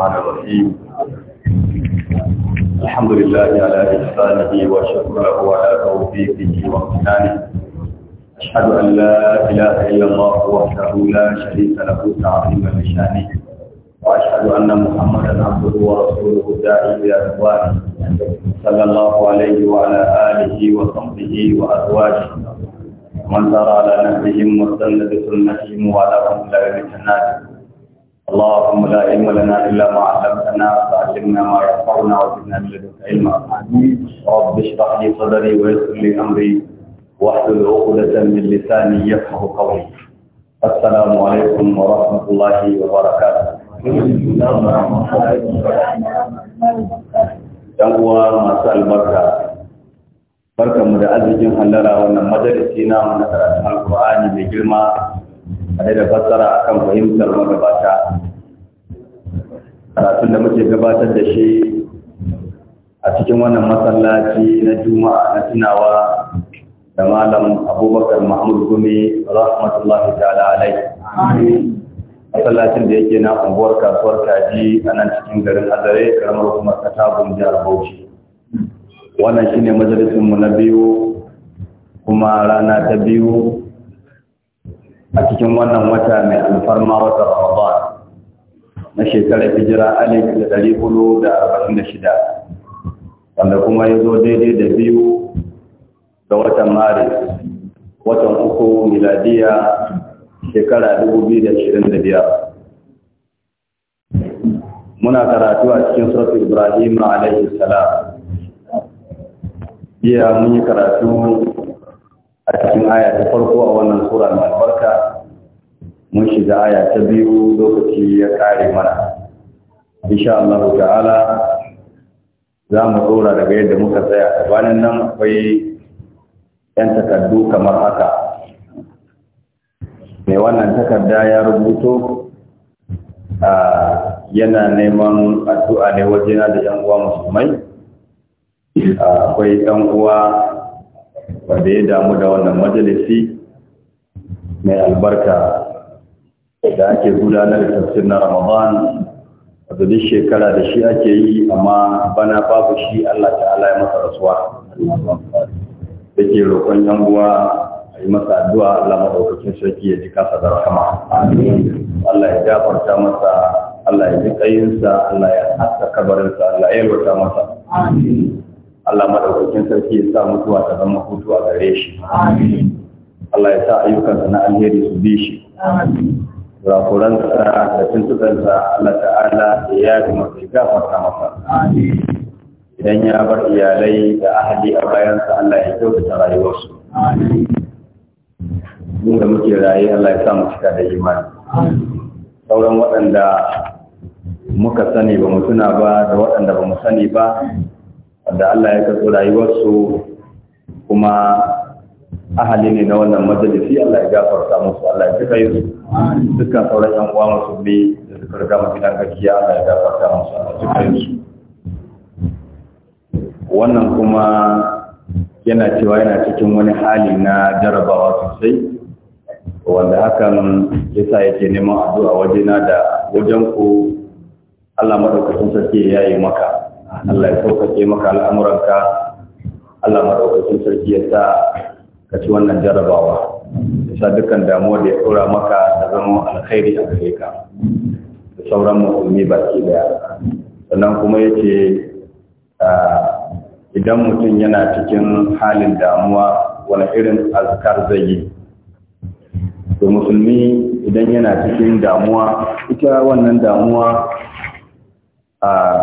الرحمن الرحيم الحمد لله على إحسانه وشكره على توفيقه وامتنانه أشهد أن لا إله إلا الله وحده لا شريك له تعظيما لشانه وأشهد أن محمدا عبده ورسوله الداعي إلى رضوانه صلى الله عليه وعلى آله وصحبه وأزواجه ومن سار على نهجهم واستنى بسنتهم وعلى رحمه لا يتنادى اللهم لا علم لنا إلا ما علمتنا فعلمنا ما ينفعنا وزدنا من لدنك علما رب اشرح لي صدري ويسر لي أمري واحلل عقدة من لساني يفقه قولي السلام عليكم ورحمة الله وبركاته ‘Yan uwa masu albarka, barkanmu da arzikin hallara wannan majalisi na na karatun mai girma tare da fassara akan fahimtar magabata karatun da muke gabatar da shi a cikin wannan masallaci na juma'a na tunawa da malam abubakar mahmud gumi rahmatullahi ta'ala alai masallacin da yake na unguwar kasuwar kaji a nan cikin garin azare karamar hukumar kata jihar bauchi wannan shine majalisinmu na biyu kuma rana ta biyu a cikin wannan wata mai alfarma wata Ramadan na shekarar hijira alif da ɗari hudu da arba'in da shida wanda kuma ya zo daidai da biyu ga watan maris watan uku miladiya shekara dubu biyu da ashirin da biyar muna karatu a cikin surat ibrahim alayhi salam biya mun yi karatu a cikin aya ta farko a sura mai albarka mun shiga aya ta biyu lokaci ya kare mana insha Allah ta'ala za mu dora daga yadda muka tsaya gabanin nan akwai yan takardu kamar haka mai wannan takarda ya rubuto a yana neman addu'a ne wajena da yan uwa musulmai akwai yan uwa wanda ya damu da wannan majalisi mai albarka da ake gudanar da tafsir na Ramadan a duk shekara da shi ake yi amma bana babu shi Allah ta'ala ya masa rasuwa da ke roƙon yan uwa a yi masa addu'a Allah maɗaukakin sarki ya ji kasa da rahama Allah ya gafarta masa Allah ya ji ƙayinsa Allah ya haska kabarinsa Allah ya yalwata masa Allah maɗaukakin sarki ya sa mutuwa ta zama hutu a gare shi Allah ya sa ayyukansa na alheri su bi shi rakuransa da tuntuɗansa Allah ta'ala ya yafi masu gafarta masa idan ya bar iyalai da ahali a bayansa Allah ya kyautata rayuwarsu mu da muke raye Allah ya sa mu cika da imani sauran waɗanda muka sani ba mu tuna ba da waɗanda ba mu sani ba da Allah ya karɓi rayuwarsu kuma ahali ne na wannan majalisi Allah ya gafarta musu Allah ya kai su dukkan sauran yan uwa musu bi da suka riga mu gidan gaskiya Allah ya gafarta musu Allah ya kai su wannan kuma yana cewa yana cikin wani hali na jarabawa sosai wanda hakan yasa yake neman addu'a wajena da wajen ku Allah madaukakin sarki ya yi maka Allah ya sauƙaƙe maka al'amuranka Allah madaukakin sarki ya sa ka ci wannan jarabawa da sa dukkan damuwa da ya tsora maka da zama alkhairi a gare ka da sauran musulmi baki daya sannan kuma ya ce ah, idan mutum yana cikin halin damuwa wani irin azkar zai yi to musulmi idan yana cikin damuwa ita wannan damuwa a ah,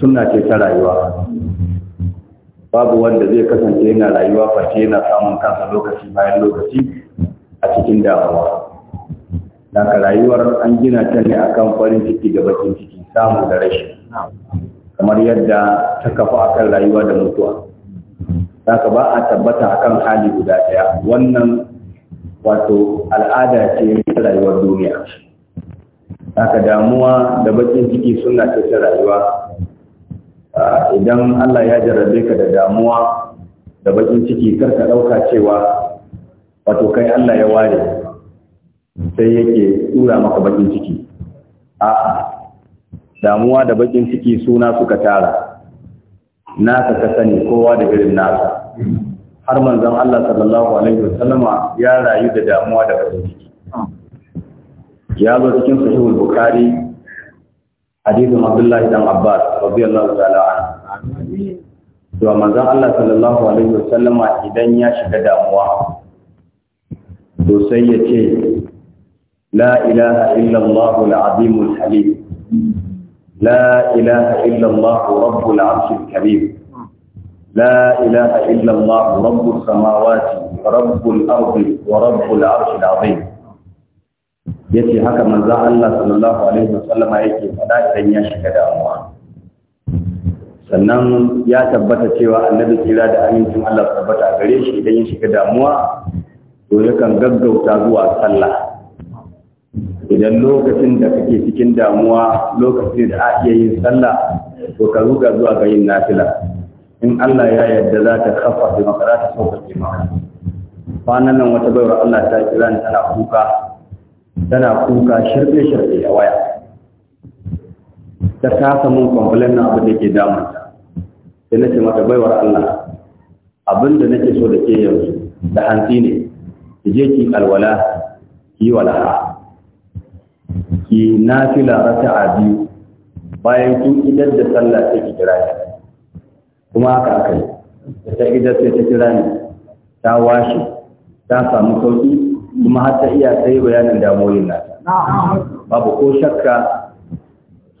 suna ce ta rayuwa babu wanda zai kasance yana rayuwa face yana samun kansa lokaci bayan lokaci a cikin damuwa daga rayuwar an gina ta ne akan farin ciki da bakin ciki samu da rashin kamar yadda ta kafa akan rayuwa da mutuwa daga ba a tabbata akan hali guda ɗaya. wannan wato al'ada ce ta rayuwar duniya daga damuwa da bakin ciki suna ta rayuwa idan Allah ya jarrabe ka da damuwa da bakin ciki kar ka ɗauka cewa wato kai Allah ya ware sai yake tura maka bakin ciki a'a damuwa da bakin ciki suna suka tara Na ka sani kowa da irin nasa har manzon Allah sallallahu alaihi wasallama ya rayu da damuwa da bakin ciki ya zo cikin sahihul bukhari hadithun abdullahi dan abbas radiyallahu ta'ala anhu to manzon Allah sallallahu alaihi wasallama idan ya shiga damuwa to sai ya ce la ilaha illa Allah al-azim al-halim la ilaha illa Allah rabbul arsh al-karim la ilaha illa Allah rabbus samawati rabbul ardi wa rabbul arsh al-azim ya ce haka manzo Allah sallallahu Alaihi wasallam yake faɗa idan ya shiga damuwa. Sannan ya tabbata cewa annabi kira da amincin Allah tabbata gare shi idan ya shiga damuwa, to yakan gaggauta zuwa sallah. Idan lokacin da kake cikin damuwa lokacin da a iya yin sallah, to ka ruga zuwa ga yin nafila. In Allah ya yarda za ta kafa da makara ta sauƙaƙe ma'ana Kwanan nan wata baiwa Allah ta kira ni tana kuka tana kuka shirɗe-shirɗe a waya ta kasa mun kwamfilin na abin da ke damar sai na ce mata baiwar Allah abin da nake so da ke yanzu da hansi ne ki je ki alwala ki walaha ki nafila a biyu bayan kin idar da sallah sai ki kira ni kuma haka aka yi ta idar sai ta kira ni ta washe ta samu sauki kuma har ta iya yi bayanin damoyin nata babu ko shakka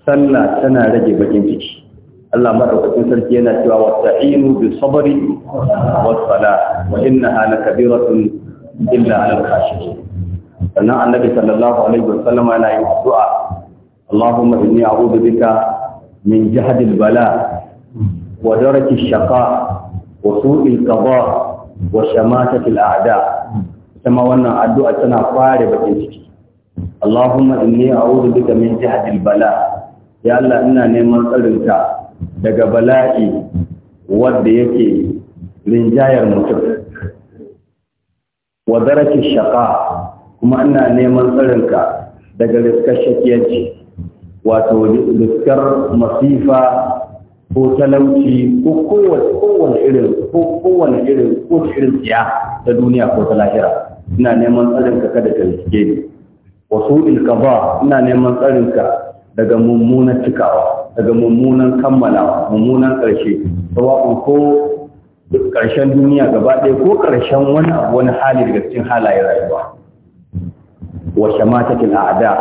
sallah tana rage bakin ciki Allah maɗaukacin sarki yana cewa wasta'inu bi sabri was sala wa illa sannan annabi sallallahu alaihi yana yin addu'a Allahumma inni a'udhu bika min jahdi bala wa daraki shaqa wa su'i qada wa ada wannan addu'a tana أتنا bakin ciki. Allahumma inni أعوذ بك من جهد البلاء يا الله ina neman tsarinka daga bala'i wanda yake rinjayar mutum wa darakin shaƙa kuma ina neman tsarinka daga riskar shakiyanci wato riskar masifa ko talauci ko kowane irin ko kowane irin ko irin tsiya ta duniya ko ta lahira ina neman tsarinka kada ka riske ni wa su'il qada ina neman tsarinka daga mummunan cikawa daga mummunan kammalawa mummunan karshe sawa'un ko karshen duniya gaba ɗaya ko karshen wani abu wani hali daga cikin halaye rayuwa wa shamatatil a'da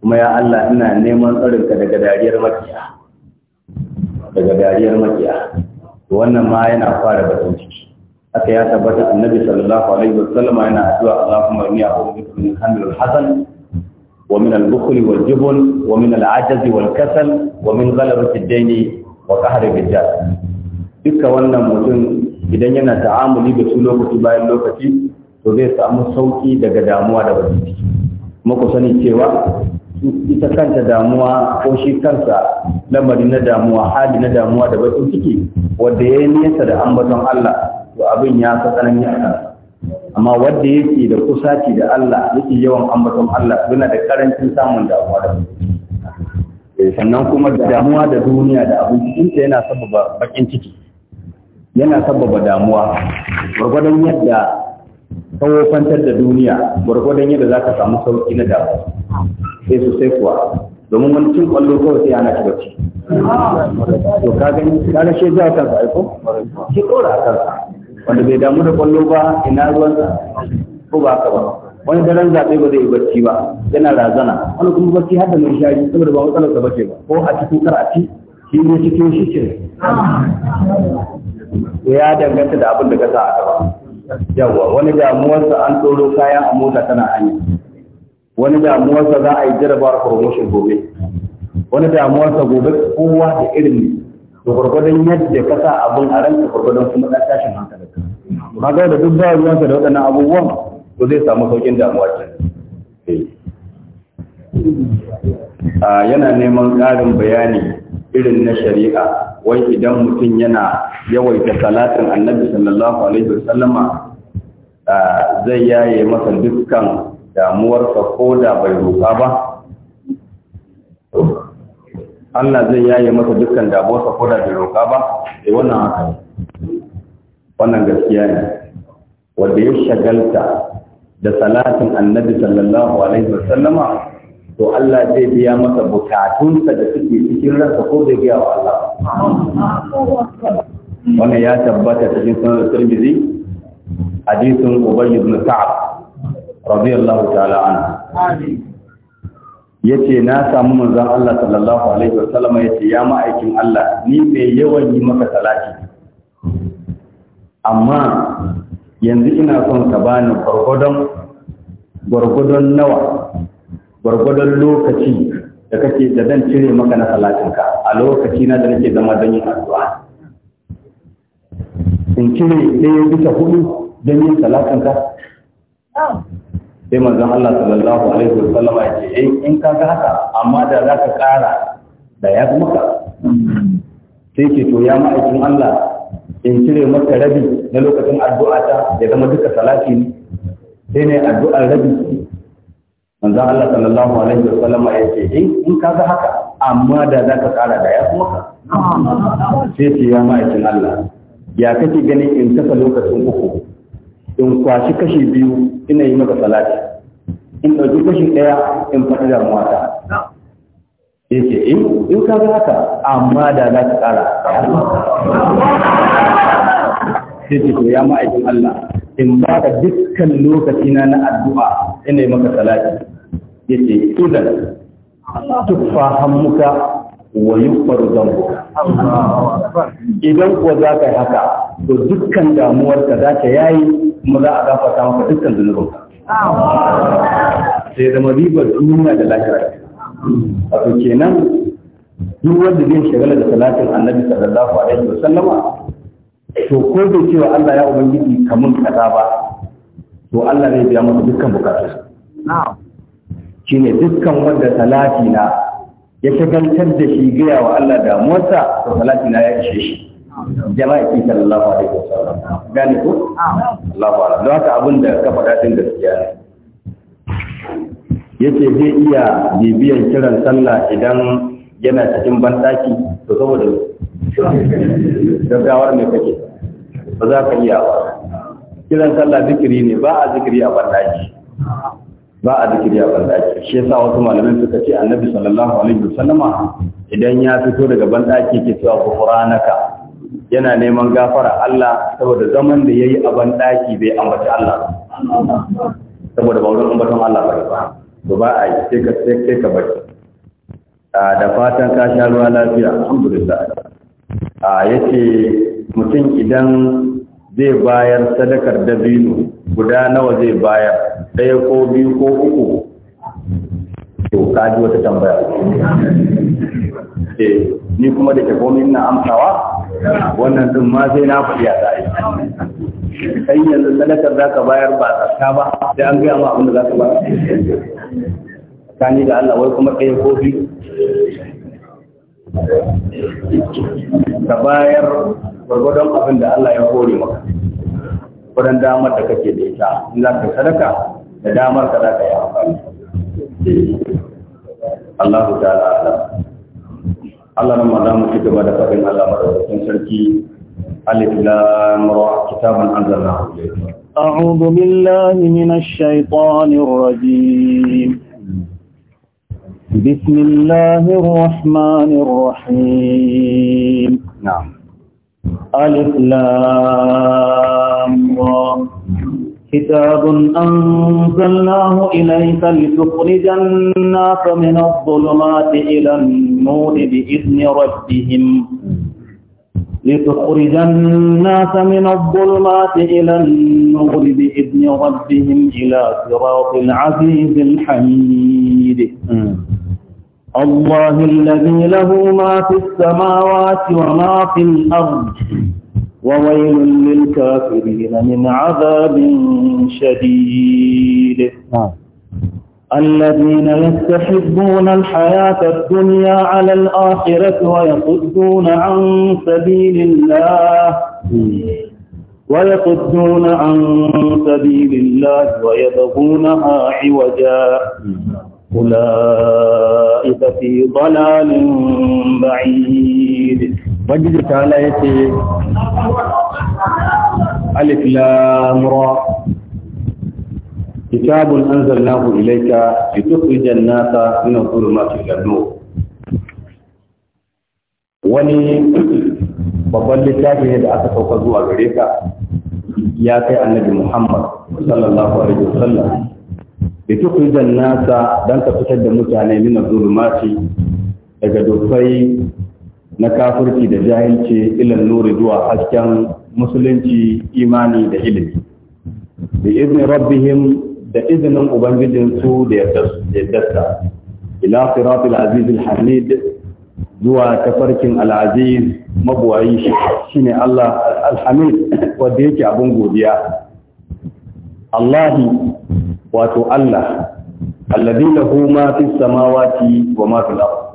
kuma ya Allah ina neman tsarinka daga dariyar makiya daga dariyar makiya wannan ma yana fara batun ciki aka ya tabbata annabi sallallahu alaihi wa sallam yana addu'a Allahumma inni a'udhu bika min hamil al-hazan wa min al-bukhl wal jubn wa min al wal kasal wa min ghalabati ad dayni wa qahri ar-rijal duka wannan mutum idan yana ta'amuli da su lokaci bayan lokaci to zai samu sauki daga damuwa da bakin kuma ku sani cewa ita kanta damuwa ko shi kansa lamari na damuwa hali na damuwa da bakin ciki wanda ya yi nesa da ambaton Allah to abin ya fi tsananin a kan, amma wanda yake da kusaci da Allah yake yawan ambaton Allah yana da karancin samun damuwa da eh, sannan kuma damuwa da duniya da abin ta yana sababa bakin ciki yana sababa damuwa gwargwadon yadda kawofantar da duniya gwargwadon yadda za ka samu sauki na damuwa sai su sai kuwa domin wani cin kwallo kawai sai ana shiga to ka gani ka ga shi jawo kansa aiko shi dora kansa wanda bai damu da kwallo ba ina ruwan ko ba haka ba wani daren zaɓe ba zai yi barci ba yana razana wani kuma barci har da mai shayi saboda ba matsalar da bace ba ko a cikin karati shi ne cikin shi ce ya danganta da abin da ka sa a gaba yawa wani damuwarsa an tsoro kayan a mota tana hanya wani damuwarsa za a yi jarabawar promotion gobe wani damuwarsa gobe kowa da irin da gwargwadon yadda ka sa abin a ranka gwargwadon kuma ɗan tashin hankalinka kaga da duk ba ruwansa da waɗannan abubuwan to zai samu saukin damuwa ce eh. yana neman ƙarin bayani irin na shari'a wai idan mutum yana yawaita salatin annabi sallallahu alaihi wasallama zai yaye masa dukkan damuwarsa ko da bai roƙa ba Allah zai yaye masa dukkan damuwarsa ko da bai roƙa ba eh wannan haka ne wannan gaskiya ne wanda ya shagalta da salatin annabi sallallahu alaihi wasallama to Allah zai biya masa bukatunsa da suke cikin ransa ko zai biya wa Allah wannan ya tabbata cikin sunan Tirmidhi hadisin Ubay ibn Ka'ab radiyallahu ta'ala anhu yace na samu manzon Allah sallallahu alaihi wasallam yace ya ma'aikin Allah ni mai yawan yi maka salati amma yanzu ina son ka bani gwargwadon gwargwadon nawa gwargwadon lokaci da kake da zan cire maka na ka a lokaci na da nake zama don yin addu'a in cire ɗaya bisa hudu don yin ka? sai manzon Allah sallallahu alaihi wa sallam ya ce in eh, in ka ga haka amma da za ka ƙara da ya fi maka sai ke to ya ma'aikin Allah in cire maka rabi na lokacin addu'a ta ya zama duka salati ne sai ne addu'ar rabi manzon Allah sallallahu alaihi wa sallam ya ce in eh, in ka ga haka amma da za ka ƙara da ya fi maka sai ce ya ma'aikin Allah ya kake ganin in kasa lokacin uku in kwashi kashi biyu ina yi maka salati in ɗauki kashi ɗaya in faɗi da ta ya ce eh, in ka ga haka amma da za ka ƙara sai ce to ya ma'aikin Allah in ba ka dukkan lokaci na addu'a ina yi maka salati ya ce idan tuffa hammuka wa yukbar zambuka idan ko za ka yi haka to dukkan damuwarka za ta yayi kuma za a gafarta maka dukkan zunubinka sai zama ribar duniya da lafiya wato kenan duk wanda zai shagala da salatin annabi sallallahu alaihi wa sallama to ko da cewa Allah ya ubangiji kamun kaza ba to Allah zai biya masa dukkan Na'am. shine dukkan wanda salati na ya shagaltar da shi gaya wa Allah motsa to salati na ya ishe shi jama'a ki sallallahu alaihi wasallam gani ko Allahu akbar don haka abin da ka faɗa din gaskiya ne yace zai iya bibiyan kiran sallah idan yana cikin banɗaki to saboda gaggawar mai kake ba za ka iya ba kiran sallah zikiri ne ba a zikiri a banɗaki ba a zikiri a banɗaki shi yasa wasu malamai suka ce annabi sallallahu alaihi wasallama idan ya fito daga banɗaki ke cewa ghufranaka yana neman gafara Allah saboda zaman da yayi a banɗaki bai ambaci Allah saboda ba wurin ambaton Allah ba ba to ba a yi sai ka sai ka bari da fatan ka sha ruwa lafiya alhamdulillah a yace mutum idan zai bayar sadakar dabino guda nawa zai bayar ɗaya ko biyu ko uku to kaji wata tambaya eh ni kuma da ke komi na amsawa wannan sun ma sai na faɗi a tsaye kai yanzu sadakar za ka bayar ba ta ba sai an gaya ma abin da za ka bayar kani da Allah wai kuma ɗaya ko biyu ka bayar gwargwadon abin da Allah ya kore maka wurin damar da kake da ita in za ka sadaka da damar ka za ka yi amfani Allah ta ala ala Allah maza mu gaba da faɗin Allah madaukakin sarki alif lam ra kitaban anzalna أعوذ بالله من الشيطان الرجيم بسم الله الرحمن الرحيم نعم ألف لام الله كتاب أنزلناه إليك لتخرج الناس من الظلمات إلى النور بإذن ربهم لتخرج الناس من الظلمات إلى النور بإذن ربهم إلى صراط العزيز الحميد الله الذي له ما في السماوات وما في الأرض وويل للكافرين من عذاب شديد نعم. الذين يستحبون الحياة الدنيا على الآخرة ويصدون عن سبيل الله ويصدون عن سبيل الله ويبغونها عوجا أولئك في ضلال بعيد ubangiji ta ala ya ce alif lamura kitabun an ku ilaika fi tukhrijan nasa min adh-dhulumati ila wani babban littafi ne da aka sauka zuwa gare ka ya kai annabi Muhammad sallallahu alaihi wasallam da tukhrijan nasa dan ka fitar da mutane nuna adh daga dokai na kafirci da jahilci ilan nuri zuwa hasken musulunci imani da ilimi da izinin rabbihim da izinin ubangijinsu su da yaddarsa ila siratul aziz hamid zuwa tafarkin al-aziz mabuwayi shine Allah Alhamid, wadda wanda yake abin godiya Allahi wato Allah alladhi lahu ma fis samawati wa ma fil ardh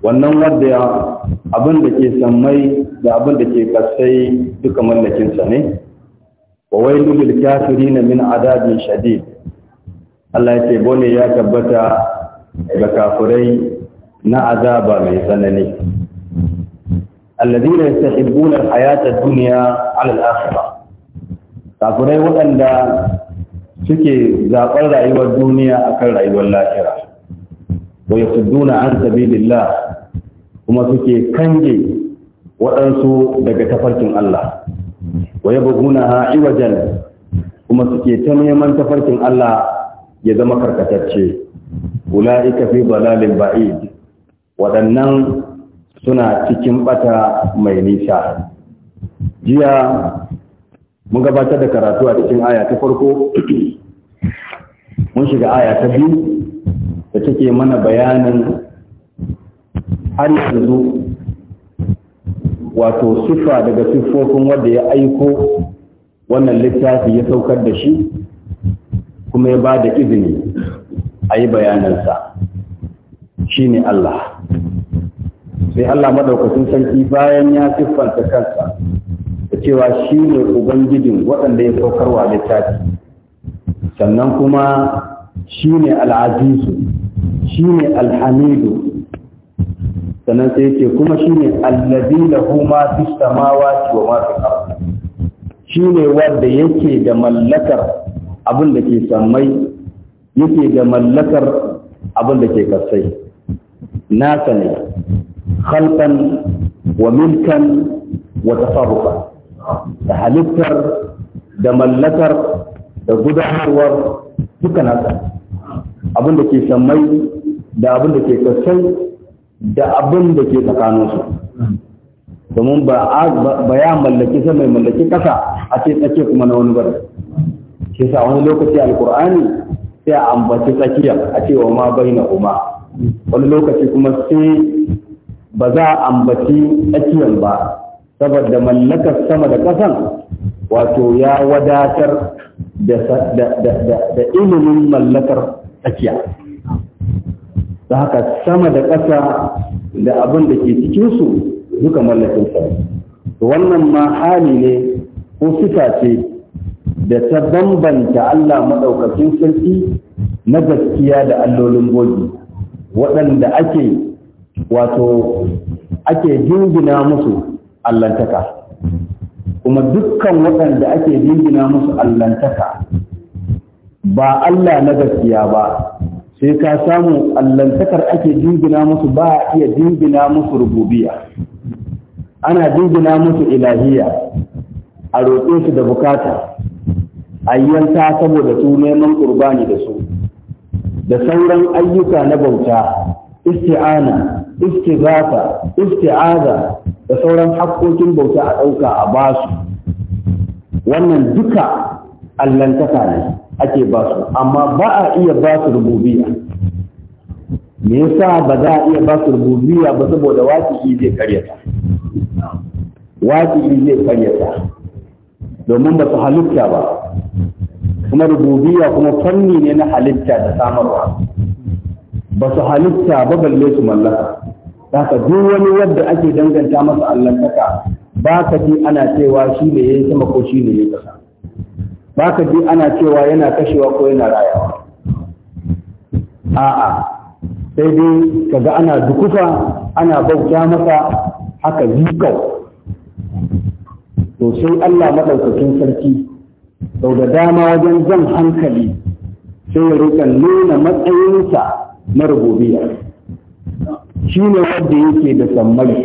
wannan wadda abin da ke sammai da abin da ke kasai duka mallakinsa ne wa wailu kafiri na min adabin Shadi. Allah ya ce bone ya tabbata ga kafirai na azaba mai tsanani alladhina yastahibbuna alhayata hayata ad-dunya 'ala al-akhirah kafirai waɗanda suke zaɓar rayuwar duniya akan rayuwar lahira wa yasudduna an sabilillah kuma suke kange waɗansu daga tafarkin Allah wa yabghunaha wajen. kuma suke ta neman tafarkin Allah ya zama karkatacce ula'ika fi dalalin ba'id waɗannan suna cikin bata mai nisa jiya mun gabatar da karatu a cikin aya ta farko mun shiga aya ta biyu yake mana bayanin har yanzu wato siffa daga siffofin wanda ya aiko wannan littafi ya saukar da shi kuma ya ba da izini a yi bayanansa shi ne Allah sai Allah maɗaukacin sarki bayan ya siffanta kansa da cewa shi ne ubangijin waɗanda ya saukarwa littafi sannan kuma shi ne al'azizu Shi ne alhamidu sannan sai yake kuma shine allazi lahu ma fis samawati wa ma fil Shi ne wanda yake da mallakar abin da ke samai yake da mallakar abin da ke kasai nasa ne khalqan wa milkan wa tasarrufa da halittar da mallakar da gudanarwar duka nasa abin da ke samai. da abin da ke kasan da abin da ke tsakaninsu domin ba ya mallaki sai mai mallaki ƙasa a ce tsakiya kuma na wani bari shi sa wani lokaci alkur'ani sai a ambaci tsakiya a ce wa ma bai na wani lokaci kuma sai ba za a ambaci tsakiyan ba saboda mallakar sama da ƙasan wato ya wadatar da ilimin mallakar tsakiya da haka sama da ƙasa da abin da ke cikinsu duka mallakin sa wannan ma hali ne ko sifa ce da ta bambanta Allah maɗaukakin sarki na gaskiya da allolin bogi waɗanda ake wato ake jingina musu allantaka kuma dukkan waɗanda ake jingina musu allantaka ba Allah na gaskiya ba sai ka samu allantakar ake jingina musu ba a iya jingina musu rububiya ana jingina musu ilahiya a roƙe su da bukata a yanka saboda su neman ƙurbani da su da sauran ayyuka na bauta isti'ana istighatha isti'aza da sauran haƙƙoƙin bauta a ɗauka a basu wannan duka allantaka ne ake ba su amma ba a iya ba su rububiya. me yasa ba za a iya ba su rububiya ba saboda waƙi zai karyata waƙi zai karyata domin ba su halitta ba kuma rububiya kuma fanni ne na halitta da samarwa ba su halitta ba balle su mallaka haka duk wani wanda ake danganta masa allantaka ba ka ji ana cewa shi ne ya yi sama ko shi ne ya kasa ba ka ji ana cewa yana kashewa ko yana rayawa a'a sai dai kaga ana dukufa ana bauta masa haka zikau to sai Allah madaukakin sarki sau da dama wajen zan hankali sai ya rika nuna matsayinsa na rububiyya shi ne wanda yake da sammai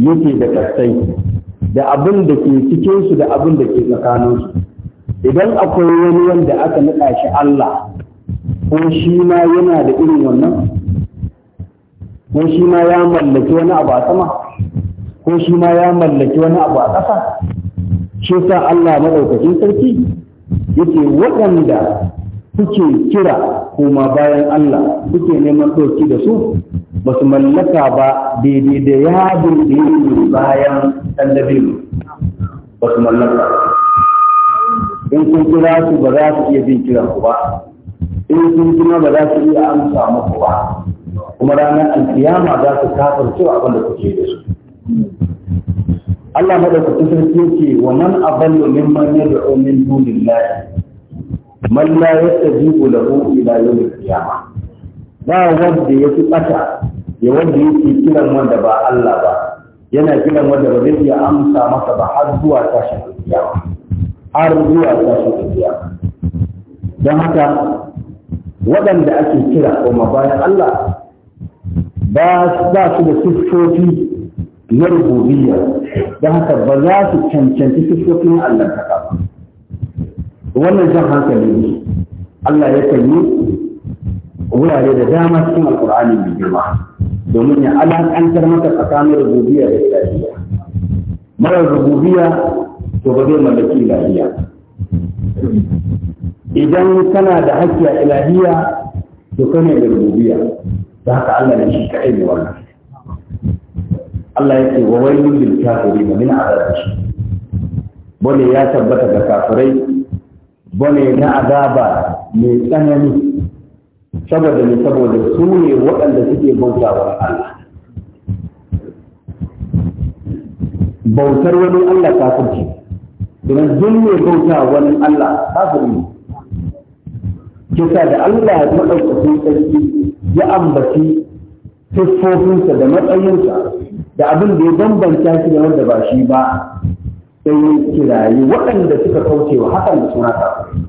yake da kasai da abin da ke cikinsu da abin da ke tsakaninsu idan akwai wani wanda aka naɗa shi Allah ko shi ma yana da irin wannan ko shi ma ya mallaki wani abu a sama ko shi ma ya mallaki wani abu a ƙasa shi sa Allah maɗaukacin sarki yake waɗanda kuke kira kuma bayan Allah kuke neman ɗauki da su ba su mallaka ba daidai da yadin da yi bayan ɗan ba su mallaka in kun kira su ba za su iya bin kira ku ba in kun kira ba za su iya amsa muku ba kuma ranar alkiyama za su kafar cewa abin da kuke da su Allah ta sarki yake wa man aballu man yad'u min dunillahi man la yastajibu lahu ila yawm al ba wanda yake bata ya wanda yake kiran wanda ba Allah ba yana kiran wanda ba zai iya amsa masa ba har zuwa tashin alkiyama har zuwa sashen tafiya don haka waɗanda ake kira kuma bayan Allah ba su da siffofi na rububiyya don haka ba za su cancanci siffofin Allah ta ba wannan jan hankali ne Allah ya kan yi wurare da dama cikin alkur'ani mai girma domin ya alaƙantar maka tsakanin rububiyya da ilahiya marar rububiyya to ba zai mallaki ilahiya idan kana da haƙƙi a ilahiya to kana da rububiyya da haka Allah ne shi kaɗai ne wannan Allah ya yake wa wailul lil kafirin min azab bone ya tabbata da kafirai bone na azaba mai tsanani saboda ne saboda su ne waɗanda suke bautawa Allah bautar wani Allah kafirci domin duk mai bauta wani Allah kafiri ne kisa da Allah ya maɗaukacin sarki ya ambaci siffofinsa da matsayinsa da abin da ya bambanta shi da wanda ba shi ba sai ya kirayi waɗanda suka kauce wa hakan da suna kafiri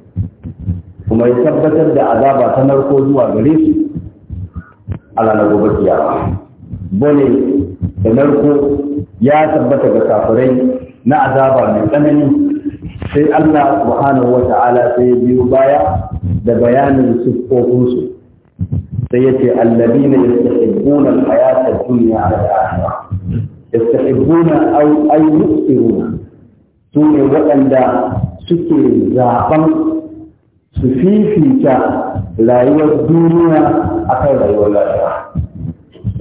kuma ya tabbatar da azaba ta narko zuwa gare su ala na gobe kiyama bone da narko ya tabbata ga kafirai na azaba mai tsanani sai Allah subhanahu wa ta'ala sai biyo baya da bayanin siffofinsu sai ya ce allabi ne ya sahibbuna hayata duniya a ta'ala ya sahibbuna ayyukiruna su ne waɗanda suke zaɓen su fifita rayuwar duniya a kan rayuwar lafiya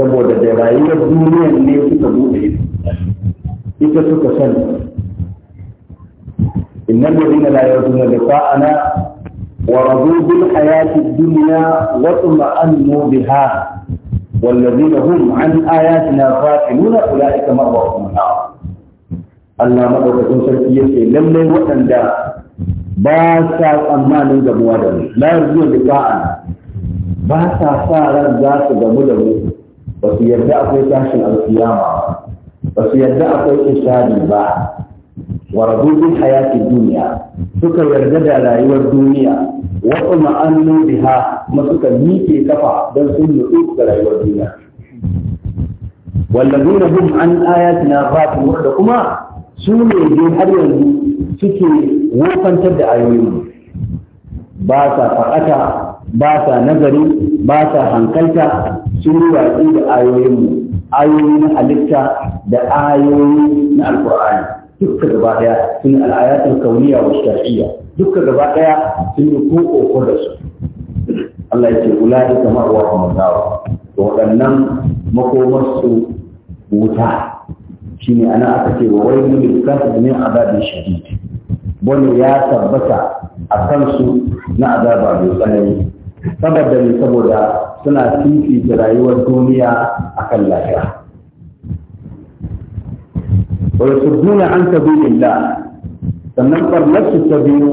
saboda da rayuwar duniya ne suka buɗe ita suka sani إن الذين لا يرجون لقاءنا ورضوا بالحياة الدنيا واطمأنوا بها والذين هم عن آياتنا غافلون أولئك مأواهم النار Allah madaukakin sarki yake lallai waɗanda ba sa tsammanin gamuwa da mu la yarjun liqa'a ba sa sa ran za su gamu da mu ba su yarda akwai tashin alkiyama ba su yarda akwai ishabi ba wa rabubin duniya suka yarda da rayuwar duniya wasu ma'annu biha kuma suka miƙe kafa don sun nutsu da rayuwar duniya wallazina hum an ayatina ghafilun da kuma su ne har yanzu suke wofantar da ayoyin ba sa faɗata ba sa nazari ba sa hankalta sun watsi da ayoyinmu ayoyi na halitta da ayoyi na alkur'ani dukka gaba daya sun al'ayatul kauniya wa shar'iyya dukka gaba daya sun yi koko ko da su Allah ya ce ulai kama wa hamdawa to waɗannan makomar su wuta shine ana aka ce wa wailul lil kafirin min azabin shadid wani ya tabbata a kansu na azaba mai tsanani saboda ne saboda suna fifita rayuwar duniya akan lafiya wa yasudduna an sabilillah sannan barnatu ta biyu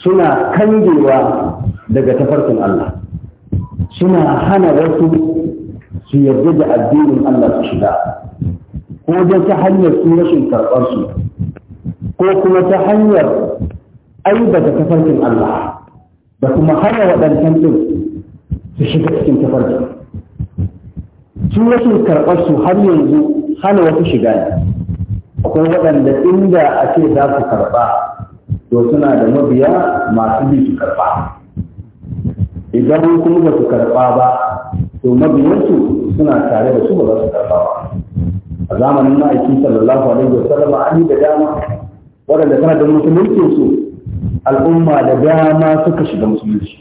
suna kangewa daga tafarkin Allah suna hana wasu su yarda da addinin Allah su shiga ko da ta hanyar su rashin karɓar ko kuma ta hanyar aibata tafarkin Allah da kuma hana waɗancan ɗin su shiga cikin tafarkin su rashin karɓar su har yanzu hana wasu shiga ne akwai waɗanda inda a ce za su karɓa to suna da mabiya masu bi su karɓa idan kuma ba su karɓa ba to mabiyansu suna tare da su ba za su karɓa ba a zamanin ma'aikin sallallahu alaihi wa sallama an da dama waɗanda suna da musulunci su al'umma da dama suka shiga musulunci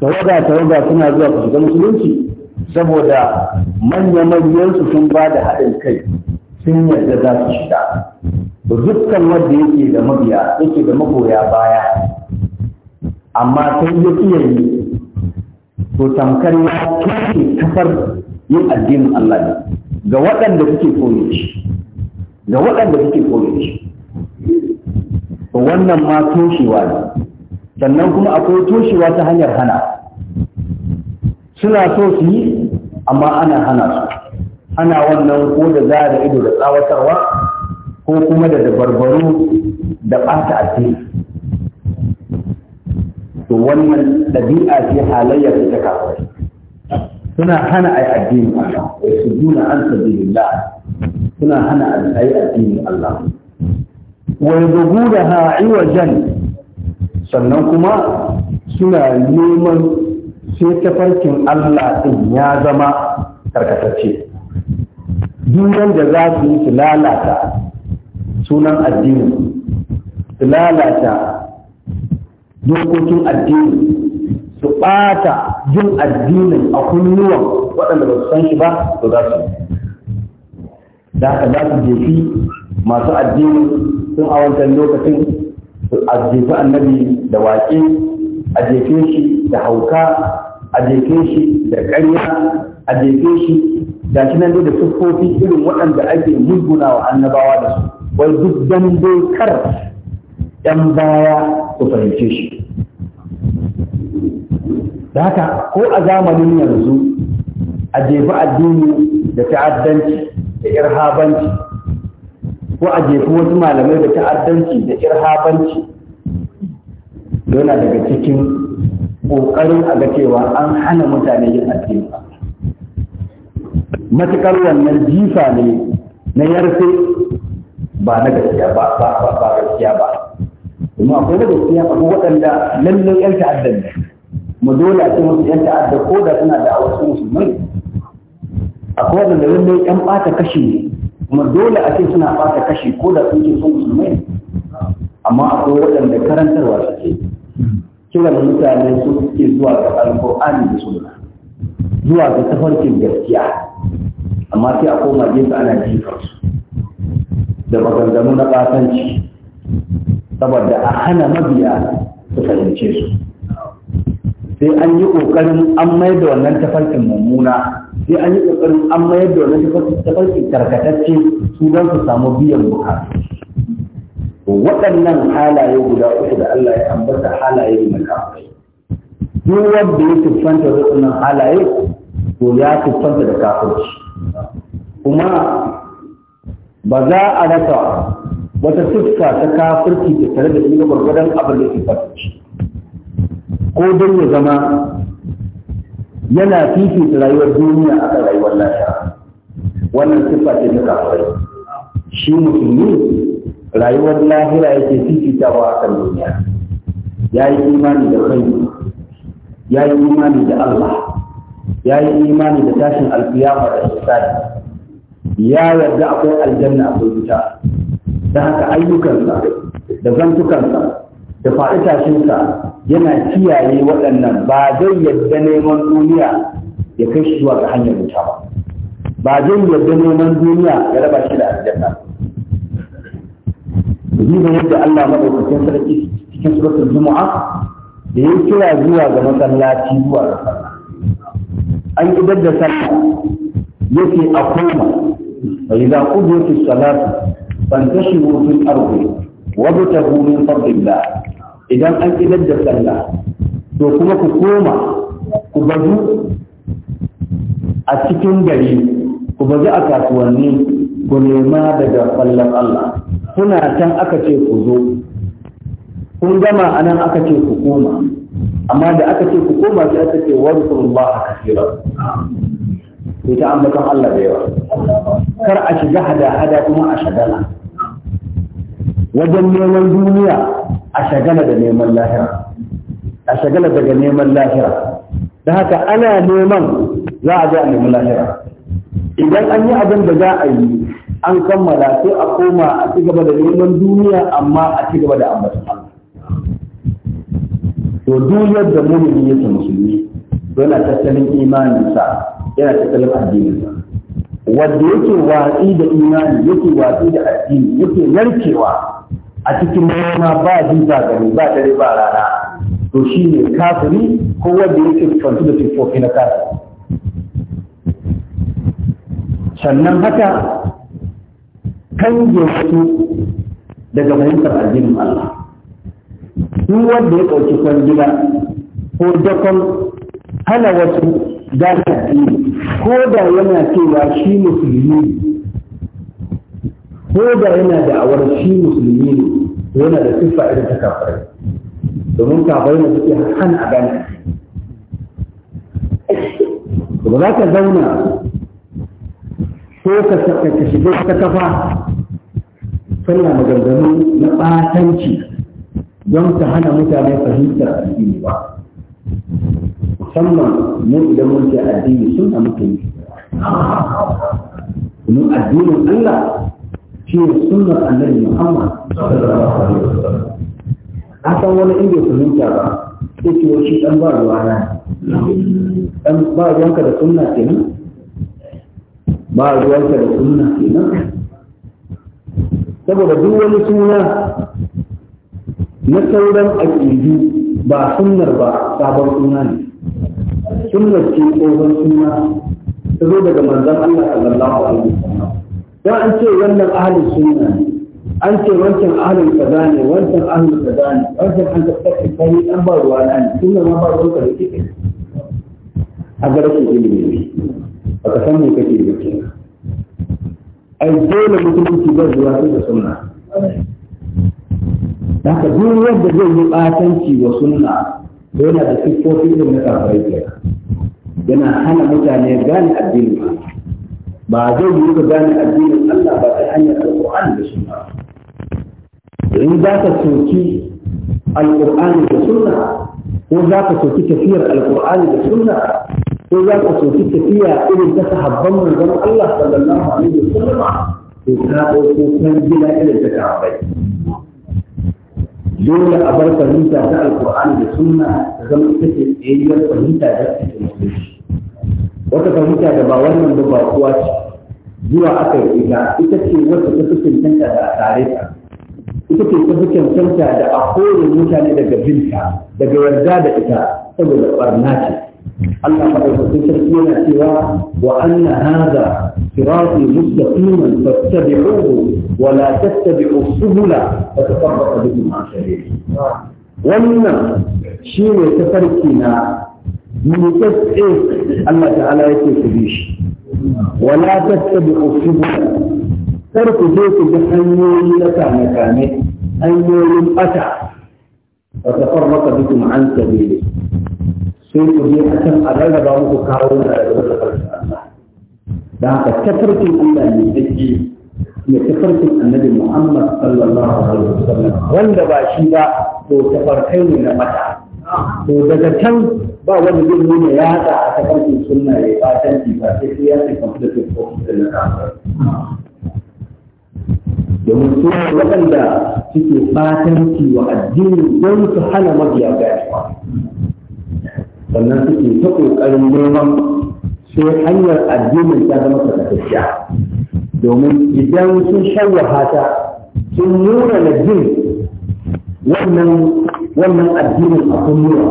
tawaga tawaga suna zuwa su shiga musulunci saboda manya mabiyansu sun ba da haɗin kai sun yarda za su shiga dukkan wanda yake da mabiya yake da magoya baya amma sai ya iya yi to tamkar ya kare kafar yin addinin Allah ne ga waɗanda suke koyi shi ga waɗanda suke koyi shi to wannan ma toshewa ne sannan kuma akwai toshewa ta hanyar hana suna so su yi amma ana hana su ana wannan ko da za da ido da tsawatarwa ko kuma da dabarbaru da ɓata asiri to wannan ɗabi'a ce halayyar ta kafirai suna hana yi addinin Allah su yasudduna an sabilillah suna hana yi addinin Allah da yabghudaha Jan sannan kuma suna neman sai tafarkin Allah ɗin ya zama karkatacce duk wanda za su yi su lalata sunan addini su lalata dokokin addini su ɓata jin addinin a kunnuwan waɗanda ba su san shi ba to za su da haka za su jefi masu addini sun awanta wancan lokacin su jefi annabi da waƙe a jefe shi da hauka a jefe shi da ƙarya a jefe shi ga shi nan dai da siffofi irin waɗanda ake muguna wa annabawa da su wai duk dan dai kar ɗan baya ku fahimce shi da haka ko a zamanin yanzu a jefi addini da ta'addanci da irhabanci ko a jefi wasu malamai da ta'addanci da irhabanci yana daga cikin ƙoƙarin a ga cewa an hana mutane yin addini ba matuƙar wannan jifa ne na yarfe ba na gaskiya ba ba ba ba gaskiya ba kuma akwai na gaskiya ko waɗanda lallai yan ta'adda ne mu dole a ce musu yan ta'adda ko da suna da wasu musulmai akwai waɗanda lallai yan ɓata kashi ne kuma dole a ce suna ɓata kashi ko da sun ce sun musulmai amma akwai waɗanda karantarwa suke kiran mutane su suke zuwa ga alƙur'ani da sunna zuwa ga tafarkin gaskiya amma sai a koma gefe ana jifar su da maganganu na ƙasanci saboda a hana mabiya su fahimce su sai an yi ƙoƙarin an mayar da wannan tafarkin mummuna sai an yi ƙoƙarin an mayar da wannan tafarkin karkatacce su don su samu biyan buka waɗannan halaye guda uku da Allah ya ambata halaye na kafirai duk wanda ya tuffanta da waɗannan halaye to ya tuffanta da kafirci kuma ba za a rasa wata siffa ta kafirci ta tare da shi gwargwadon abin da ke fasanci ko don ya zama yana fifita rayuwar duniya a kan rayuwar lafiya wannan siffa ce ta kafirai shi musulmi rayuwar lahira yake fifita a kan duniya ya yi imani da kai ya yi imani da Allah ya yi imani da tashin alfiyama da sosai ya yarda akwai aljanna akwai wuta da haka ayyukansa da zantukansa da faɗi tashinsa yana kiyaye waɗannan ba zai yarda neman duniya ya kai shi zuwa ga hanyar wuta ba ba zai yarda neman duniya ya raba shi da aljanna Duba yadda Allah maɗaukakin sarki cikin suratul juma'a da ya kira zuwa ga masallaci zuwa ga sallah an idar da sallah yake a koma فإذا قضيت الصلاة فانتشروا في الأرض وابتغوا da فضل الله إذا أنت لدى صلى to kuma ku koma ku bazu a cikin gari ku bazu a kasuwanni ku nema daga fallon Allah kuna can aka ce ku zo kun gama a nan aka ce ku koma amma da aka ce ku koma sai aka ce wani kuma ba a kasira ku ta ambaton Allah da yawa kar a shiga hada-hada kuma a shagala wajen neman duniya a shagala da neman lahira a shagala daga neman lahira da haka ana neman za a ga neman lahira idan an yi abin da za a yi an kammala sai a koma a ci gaba da neman duniya amma a ci gaba da ambaton Allah duk yadda da mumini yake musulmi yana tattalin imaninsa yana tattalin addini wanda yake watsi da imani yake watsi da addini yake narkewa a cikin noma ba ji ba gari ba dare ba rana to shi ne kafiri ko wanda yake fuskantu da siffofi na kafiri sannan haka kan je wasu daga fahimtar addinin Allah duk wanda ya ɗauki kwangila gida ko dakon hana wasu dan ko da yana cewa shi musulmi ko da yana shi musulmi ne yana da siffa irin ta kafirai domin kafirai ne suke hana a gane ba za ka zauna ko ka shiga ta kafa tana maganganu na ɓatanci don ta hana mutane fahimtar addini ba musamman mu idan mun ce addini suna na yi domin addinin Allah shi ne sunnar annabi Muhammad a san wani inda fahimta ba sai ce wani shi dan ba ruwa na dan ba ruwanka da sunna kenan ba ruwanka da sunna kenan saboda duk wani suna na sauran aƙidu ba sunnar ba sabon suna ne sunna ce tsohon suna ta zo daga manzon Allah sallallahu alaihi wasallam dan an ce wannan ahlus sunna ne an ce wancan ahlul kaza ne wancan ahlul kaza ne wancan an tabbata kai an ba ruwa ne sunna ma ba ruwa da kike a ga rashin ilimi ne baka san me kake yi ke ai dole mutunci zai zuwa sai da sunna haka duk wanda zai yi batanci wa sunna yana da siffofi irin na kafirai ke yana hana mutane gane addinin Allah ba zai yi ka gane addinin Allah ba ta hanyar alƙur'ani da sunna in za ka soki alƙur'ani da sunna ko za ka soki tafiyar alƙur'ani da sunna ko za ka soki tafiya irin ta sahabban manzon Allah sallallahu alaihi wasallam to ka ɗauko kan gida irin ta sahabbai dole a bar fahimta ta alkur'ani da sunna ta zama ita ce tsayayyar fahimta da ta ke wata fahimta da ba wannan ba ba kowa ce zuwa aka yi ita ita ce wata ta fi cancanta da a tare ta ita ce ta fi cancanta da a kowane mutane daga binta daga yarda da ita saboda barna ce Allah madaukakin sarki yana cewa wa anna hadha sirati mustaqiman fattabi'uhu ولا تتبعوا السبل فتفرق بكم عن سبيله wannan shi ne tafarki na mutsatsai Allah ta'ala yake ku bi shi wala tattabi'u subul kar ku je ku bi hanyoyi na kame kame hanyoyin bata wa tafarraqa sai ku je a kan a rarraba muku kawo da daga Allah da haka tafarkin Allah ne take ya tafarkin annabi Muhammad sallallahu alaihi wasallam wanda ba shi ba to tafarkai ne na mata to daga can ba wani zai nuna ya haɗa a tafarkin suna ya fatan ba sai sai ya sai kamfuta sai ko da na domin su waɗanda suke fatanci wa addini don su hana mabiya ganewa sannan suke ta ƙoƙarin neman sai hanyar addinin ta zama karkashiya domin idan sun shawwaha ta sun nuna na jin wannan wannan addinin a kunnuwa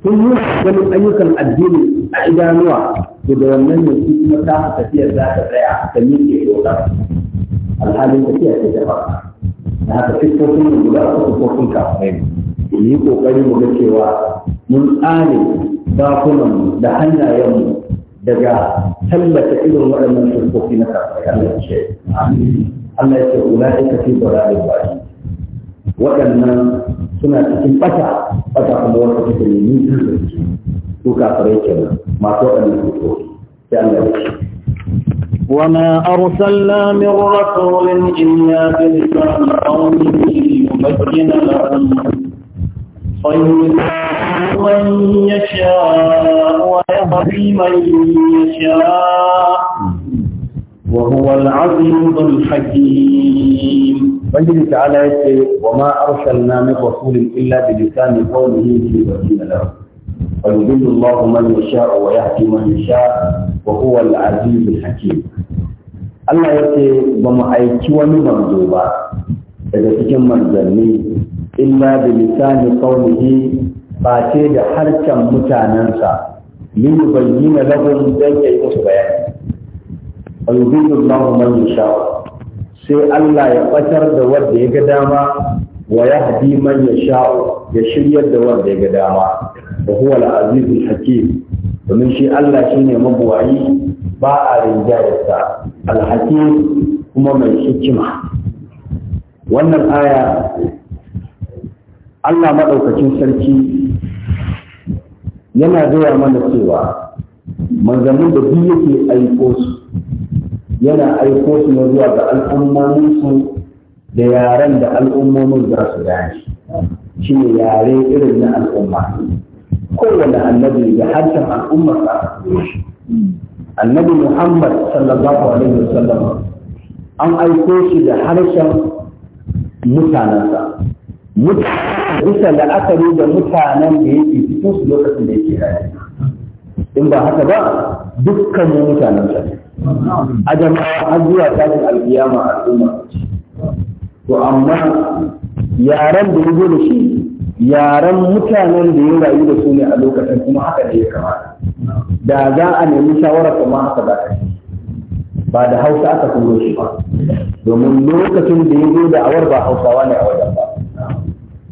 sun nuna ganin ayyukan addini a idanuwa to da wannan ne su kuma ta tafiyar za ta tsaya ta miƙe dokar alhalin tafiya ce ta fara da haka fiskofin da guda uku fiskofin kafirai mu yi kokari mu ga cewa mun tsare bakunan da mu daga tallata irin waɗannan shirkoki na kafirai Allah ce Allah ya ce ulaika fi dalalin ba'i waɗannan suna cikin bata bata kuma wata take ne ni kan su su kafirai kenan masu waɗannan shirkoki sai Allah ya ce وما أرسلنا من رسول إلا بلسان قومه ليبين لهم Wanyi da ta'ala ya ce, "Wama arshen na mafi wasulun illa da jika ne kawai yi ne da ke da lafi, ƙwallon da ba kuma ne sha a waya ce mai sha wa kowa al’adini hake. Allah ya ce, "Ba mu aiki wani manzo ba daga cikin manzanni illa da lisani qawlihi ba ce da harkan mutanansa min bayyana lahum dan yayi musu bayani wa yudillu Allahu man yasha sai Allah ya fatar da wanda ya ga dama wa yahdi man yasha ya shiryar da wanda ya ga dama wa huwa al-azizul hakim domin shi Allah shine mabuwayi ba a rinjayarsa al-hakim kuma mai hikima wannan aya Allah maɗaukacin sarki yana zuwa mana cewa manzannin da biyu yake aiko su yana aiko su ne zuwa ga al'ummominsu da yaren da al'ummomin za su dace, shi ne yare irin na al'umma kowane annabi da harshen al'ummarsa annabi muhammad sallallahu alaihi wasallam an aiko shi da harshen mutanensa Mutane bisa la'akari da mutanen da yake cikin su lokacin da yake rayu in ba haka ba dukkan mutanen ta. a jama'a har zuwa tashin alkiyama al'umma to amma yaran da ya da shi yaran mutanen da ya rayu da su ne a lokacin kuma haka ne ya kamata da za a nemi shawara kuma haka za ta ba da hausa aka turo shi ba domin lokacin da ya zo da awar ba hausawa ne a wajen ba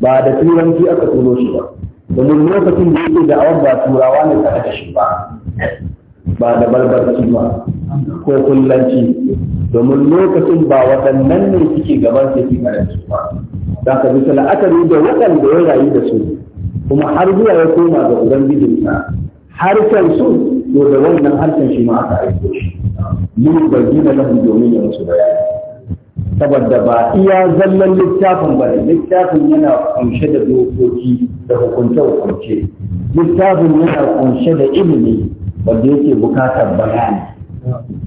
ba da turanci aka turo shi ba domin lokacin da yake da awon ba turawa ne aka da shi ba ba da barbarci ba ko kullanci domin lokacin ba waɗannan ne suke gaban sai suke karanci ba za ka bisa la'akari da waɗanda ya rayu da su kuma har zuwa ya koma ga har harshen su to da wannan harshen shi ma aka aiko shi mun bayyana lahu domin ya musu bayani saboda ba iya zallan littafin ba littafin yana kunshe da dokoki da hukunce-hukunce littafin yana kunshe da ilimi wanda yake bukatar bayani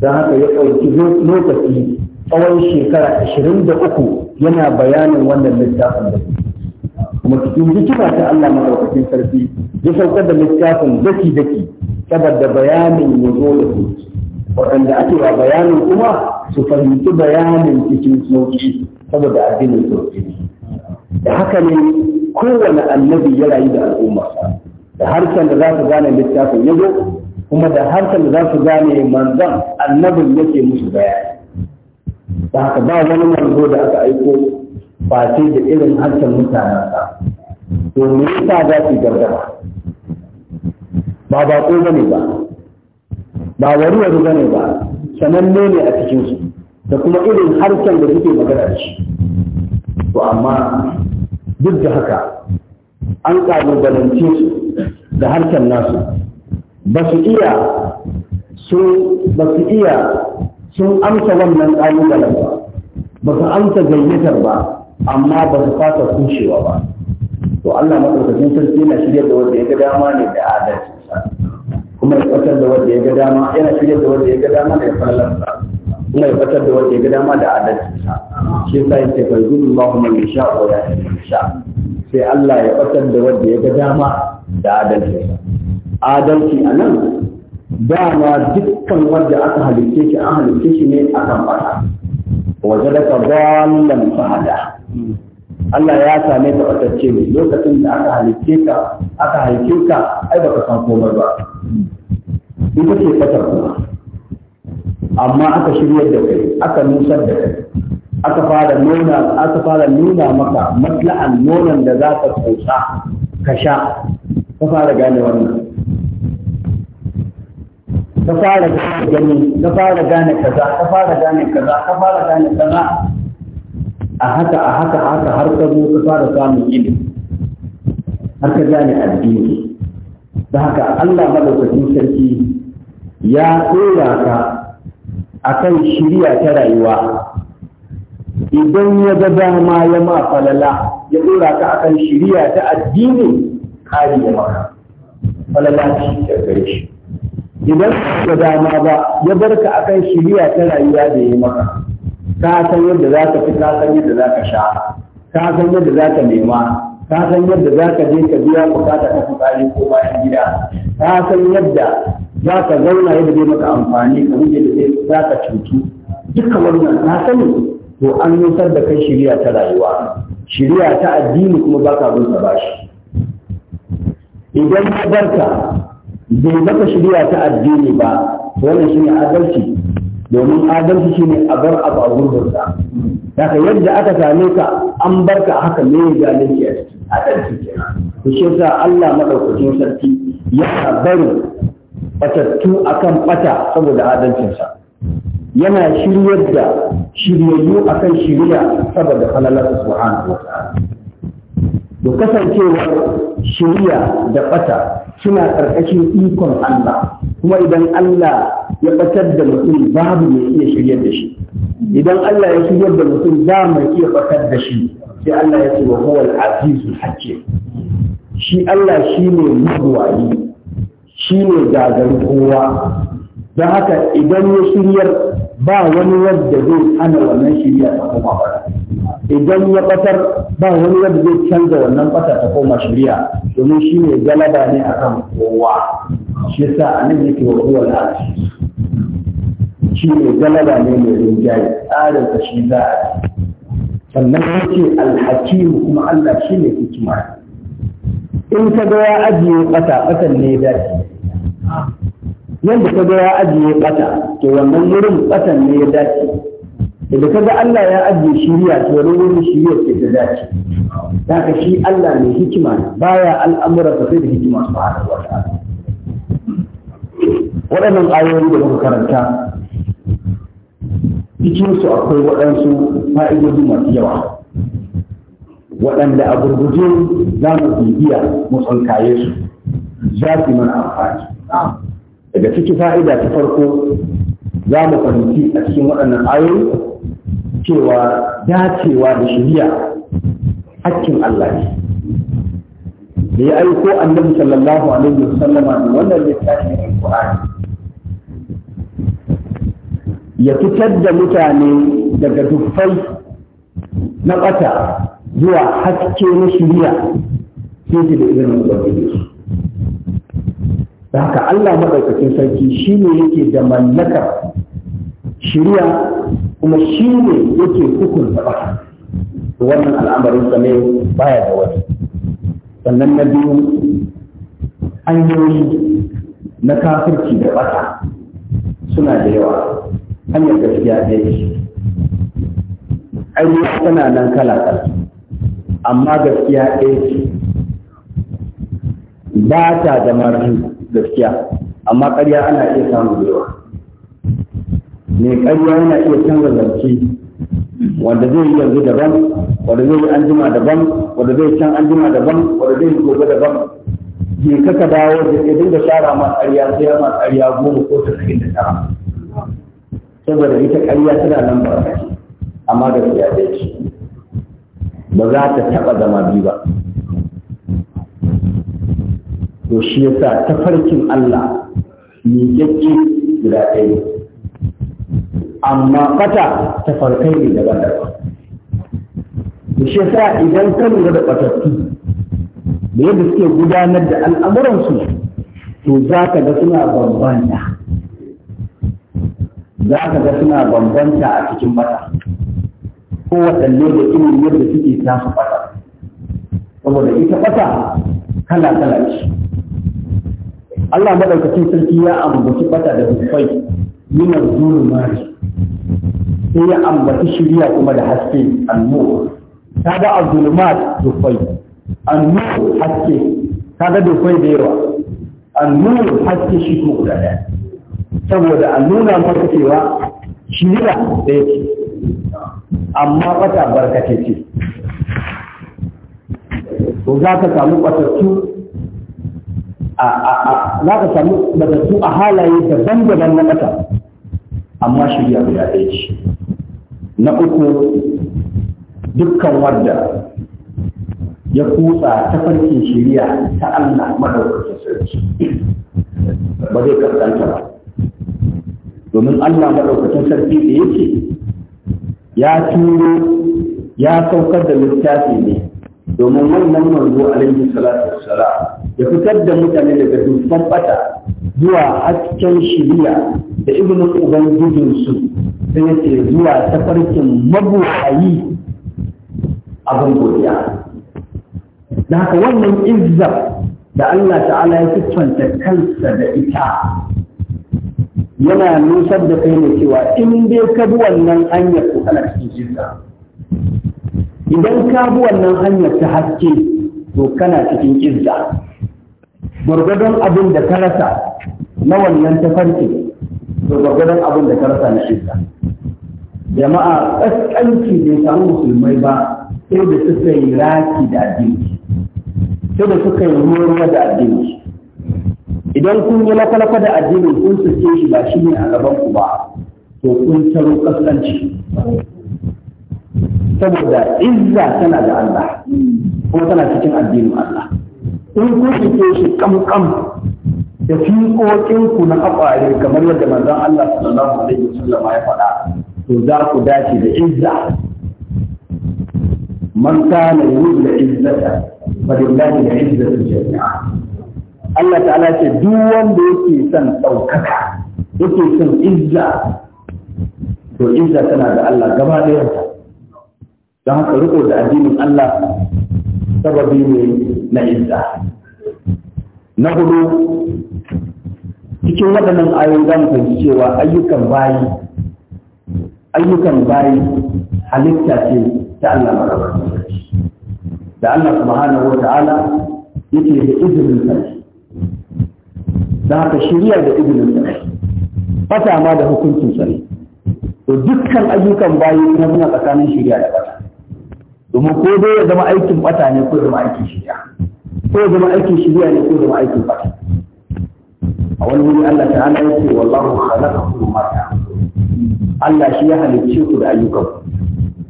don haka ya ɗauki lokaci tsawon shekara ashirin da uku yana bayanin wannan littafin da kuma cikin hikima ta Allah madaukakin sarki ya saukar da littafin daki-daki saboda bayanin ya zo da waɗanda ake wa bayanin kuma su fahimci bayanin cikin sauƙi saboda addinin sauƙi. da haka ne kowane annabi ya rayu da al'umma da harshen da za su gane littafin ya zo kuma da harshen da za su gane manzan annabin yake musu bayani da haka ba wani manzo da aka aiko face da irin harshen mutanensa to me yasa za su gargara ba ba ko bane ba ba wari-wari ba ne ba sananne ne a cikinsu da kuma irin harshen da suke magana da shi to amma duk da haka an kalubalance su da harshen nasu ba su iya sun ba su iya sun amsa wannan kalubalen ba ba su amsa gayyatar ba amma ba su fata kushewa ba to Allah madaukakin sarki yana shirya da wanda ya ga dama ne da adalci kuma ya fatar da wanda ya ga dama yana shirya da wanda ya ga dama da fallarsa kuma ya fatar da wanda ya ga dama da sa shi sa yake fa yuzu Allahu ko yasha wa la sha sai Allah ya fatar da wanda ya ga dama da sa adalci anan dama dukkan wanda aka halitta shi an halitta shi ne akan fata wajadaka dallan fahada Allah ya same ka fatacce ne lokacin da aka halitte ka aka halitte ka ai baka san komai ba ita ce fatar kuma amma aka shiryar da kai aka nusar da kai aka fara nuna aka fara nuna maka masla'an nonon da za ka tsotsa ka sha ka fara gane wannan ka fara gane gani ka fara gane kaza ka fara gane kaza ka fara gane kaza a haka a haka a haka har ka zo ka fara samun ilimi har ka gane addini da haka Allah madaukakin sarki ya ɗora ka a kan shirya ta rayuwa idan ya ga dama ya ma falala ya ɗora ka a kan shirya ta addini kari ya maka falala shi ta gare shi idan ga dama ba ya bar ka a kan shirya ta rayuwa da ya maka ka san yadda za ka fi ka san yadda za ka sha ka san yadda za ka nema ka san yadda za ka je ka biya bukata ta fitsari ko bayan gida ka san yadda za ka zauna yadda zai maka amfani ka wuce da zai za ka cutu dukkan wannan na sani to an nusar da kai shirya ta rayuwa shirya ta addini kuma ba ka bin bashi idan ka barka bai maka shirya ta addini ba to wannan shine adalci domin adalci shine a bar abu a gurbinsa daga yadda aka same ka an barka haka ne ya ke a ciki adalci kenan to shi Allah madaukakin sarki ya bari batattu akan ɓata saboda adalcinsa yana shiryar da shiryayyu akan shirya saboda falalar subhanahu wa to kasancewa shirya da ɓata suna ƙarƙashin ikon Allah kuma idan Allah ya batar da mutum babu mai iya shiryar da shi idan Allah ya shiryar da mutum za mai iya batar da shi sai Allah ya ce wa huwal azizul hakim shi Allah shine mabuwayi shi ne gagarin kowa don haka idan ya shiryar ba wani wadda zai hana wannan shirya ta koma bara idan ya batar ba wani wadda zai canza wannan bata ta koma shirya domin shi ne galaba ne akan kowa shi yasa anan yake wa huwa al'aziz shi ne galaba ne mai rinjaye tsarin ka shi za a sannan yake alhakim kuma Allah shi ne hikima in ka ga ya ajiye bata batan ne ya dace yadda ka ga ya ajiye bata to wannan wurin batan ne ya dace da kaga Allah ya ajiye shiriya to wani wurin shiriyar ce ta dace haka shi Allah mai hikima baya al'amura ba sai da hikima subhanahu wa ta'ala waɗannan ayoyi da muka karanta cikin su akwai waɗansu fa'idodi masu yawa waɗanda a gurguje za mu bibiya mu tsankaye su za su mana amfani daga ciki fa'ida ta farko za mu fahimci a cikin waɗannan ayoyi cewa dacewa da shari'a hakkin Allah ne da ya aiko annabi sallallahu alaihi sallama da wannan littafin al ya fitar da mutane daga duffai na ɓata zuwa haske na shari'a sai da irin ubangiji da haka Allah maɗaukakin sarki shi ne yake da mallakar shirya kuma shi ne yake da ba wannan al'amarin sa ne baya da wani sannan na biyu hanyoyi na kafirci da ɓata suna da yawa hanyar gaskiya ɗaya ce ainihin tana nan kala kala amma gaskiya ɗaya ce ba ta da marhi gaskiya amma ƙarya ana iya samu yawa mai ƙarya yana iya canza zance wanda zai yi yanzu daban wanda zai yi anjima daban wanda zai can anjima daban wanda zai yi gobe daban je kaka dawo da ke dinga shara ma ƙarya sai ma ƙarya goma ko tasa'in da tara saboda ita ƙarya tana nan ba amma gaskiya dai ce ba za ta taɓa zama biyu ba to shi yasa tafarkin Allah miƙaƙƙe guda ɗaya amma fata tafarkai ne daban-daban da shi yasa idan ka lura da ɓatattu da yadda suke gudanar da al'amuransu to za ka ga suna bambanta za ka ga suna bambanta a cikin mata ko waɗanne da irin yadda suke tasu fata saboda ita fata kala-kala ce Allah madaukakin sarki ya ambaci bata da hufai min az mari sai ya ambaci shiriya kuma da haske annu ta az-zulumat hufai annu haske Ta kaga dufai da yawa annu haske shi ko guda ɗaya. saboda an nuna maka cewa shiriya da yake amma bata barkace ce to za ka samu batattu za ka samu matattu a halaye daban-daban na ƙasa amma shirya guda ɗaya ce na uku dukkan wadda ya kutsa ta farkin shirya ta Allah madaukakin sarki ba zai kaskanta ba domin Allah madaukakin sarki da yake ya turo ya saukar da littafi ne domin wannan manzo alaihi salatu wassalam ya fitar da mutane daga dukkan bata zuwa hasken shiriya da izinin ubangijinsu sai ce zuwa tafarkin mabuhayi a bangoriya da haka wannan izzar da Allah ta'ala ya siffanta kansa da ita yana nusar da kai ne cewa in dai ka bi wannan hanyar ko kana cikin jirga idan ka bi wannan hanyar ta haske to kana cikin izza gwargwadon abin da ka rasa na wannan tafarki to gwargwadon abin da ka rasa na shirka jama'a ƙasƙanci bai samu musulmai ba sai da suka yi raki da addini sai da suka yi ruwa da addini idan kun yi lafalafa da addini kun suke shi ba shi ne a gaban ku ba to kun taro ƙasƙanci saboda izza tana da Allah kuma tana cikin addinin Allah in ku fike shi kamkam da fiƙoƙin ku na ƙafare kamar yadda manzon Allah sallallahu alaihi wasallam ya faɗa to za ku dace da izza man kana yuridu izzata fa lillahi al-izzatu jami'a Allah ta'ala ce duk wanda yake son ɗaukaka yake son izza to izza tana da Allah gaba ɗaya don haka riko da addinin Allah sababi ne na izza na hudu cikin waɗannan ayoyi za mu fahimci cewa ayyukan bayi ayyukan bayi halitta ce ta Allah marabar da Allah subhanahu wa ta'ala yake da izinin sa da haka shirya da izinin sa fata ma da hukuncin sa ne to dukkan ayyukan bayi na suna tsakanin shirya da fata domin ko dai ya zama aikin bata ne ko zama aikin shirya ko zama aikin shirya ne ko zama aikin bata a wani wuri Allah ta'ala ya ce wallahu khalaqakum ma ta'malun Allah shi ya halicce ku da ayyukan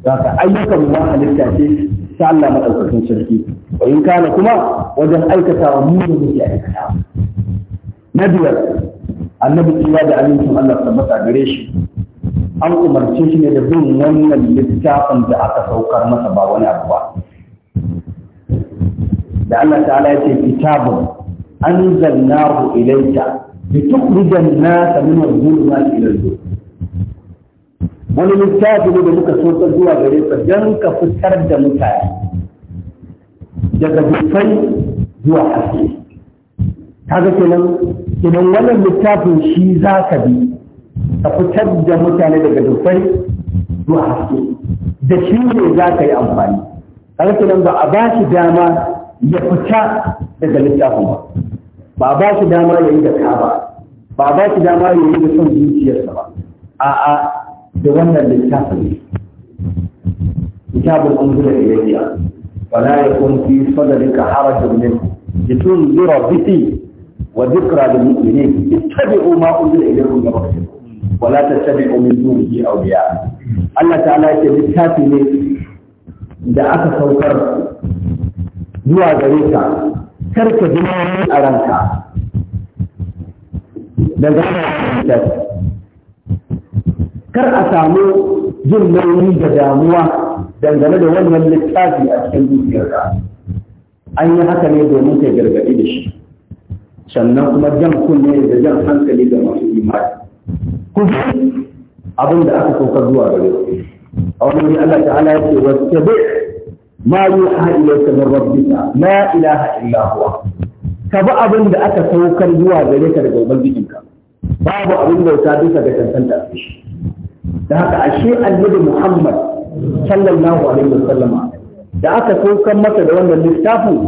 ka ayyukan ma halitta ce sa Allah madaukakin sarki wa in kana kuma wajen aikatawa mu ne muke aikatawa na biyar annabi tsira da aminci Allah tabbata gare shi an umarce shi ne da bin wannan littafin da aka saukar masa ba wani abu ba da Allah ta'ala ya ce kitabun anzalnahu ilayka litukhrijan nasa min adh-dhulumati ila an-nur wani littafi ne da muka saukar zuwa gare ka dan ka fitar da mutane daga dukkan zuwa haske kaga kenan idan wannan littafin shi zaka bi ka fitar da mutane daga dufai zuwa haske da shi ne za ka yi amfani har kaga nan ba a ba shi dama ya fita daga littafin ba ba a ba shi dama ya yi da ka ba ba a ba shi dama ya yi da son zuciyarsa ba a'a da wannan littafin ne kitabun an gura ilayya wala yakun fi sadrika harajun minhu litunzira bihi wa dhikra lil mu'minin ittabi'u ma unzila ilaykum min rabbikum wala ta tabi min dunihi awliya Allah ta'ala yake littafi ne da aka saukar zuwa gare ka kar ka ji a ranka da gana kar a samu jin nauyi da damuwa dangane da wannan littafi a cikin zuciyarka an yi haka ne domin kai gargaɗi da shi sannan kuma jan kunne da jan hankali ga masu imani kusa abin da aka saukar zuwa gare a wani wuri Allah ta'ala ya ce wasu bi ma yuha ta min rabbika la ilaha illa huwa ka bi abin da aka saukar zuwa gare ka daga ka. babu abin da ta bisa ga tantanta shi da haka ashe annabi Muhammad sallallahu alaihi wasallam da aka saukan masa da wannan littafin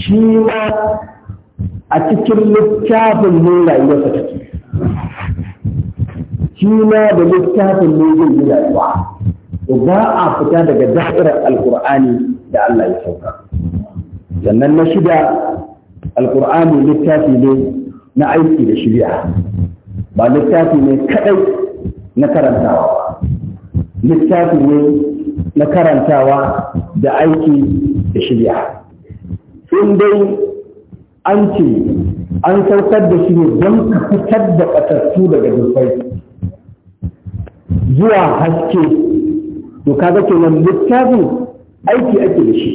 shi ma a cikin littafin ne rayuwarsa take shi ma da littafin ne zai yi rayuwa to ba a fita daga da'irar alkur'ani da Allah ya sauka sannan na shida alkur'ani littafi ne na aiki da shirya ba littafi ne kadai na karantawa littafi ne na karantawa da aiki da shirya in dai an ce an saukar da shi ne don fitar da ƙasassu daga dufai zuwa haske to kaga kenan littafin aiki ake da shi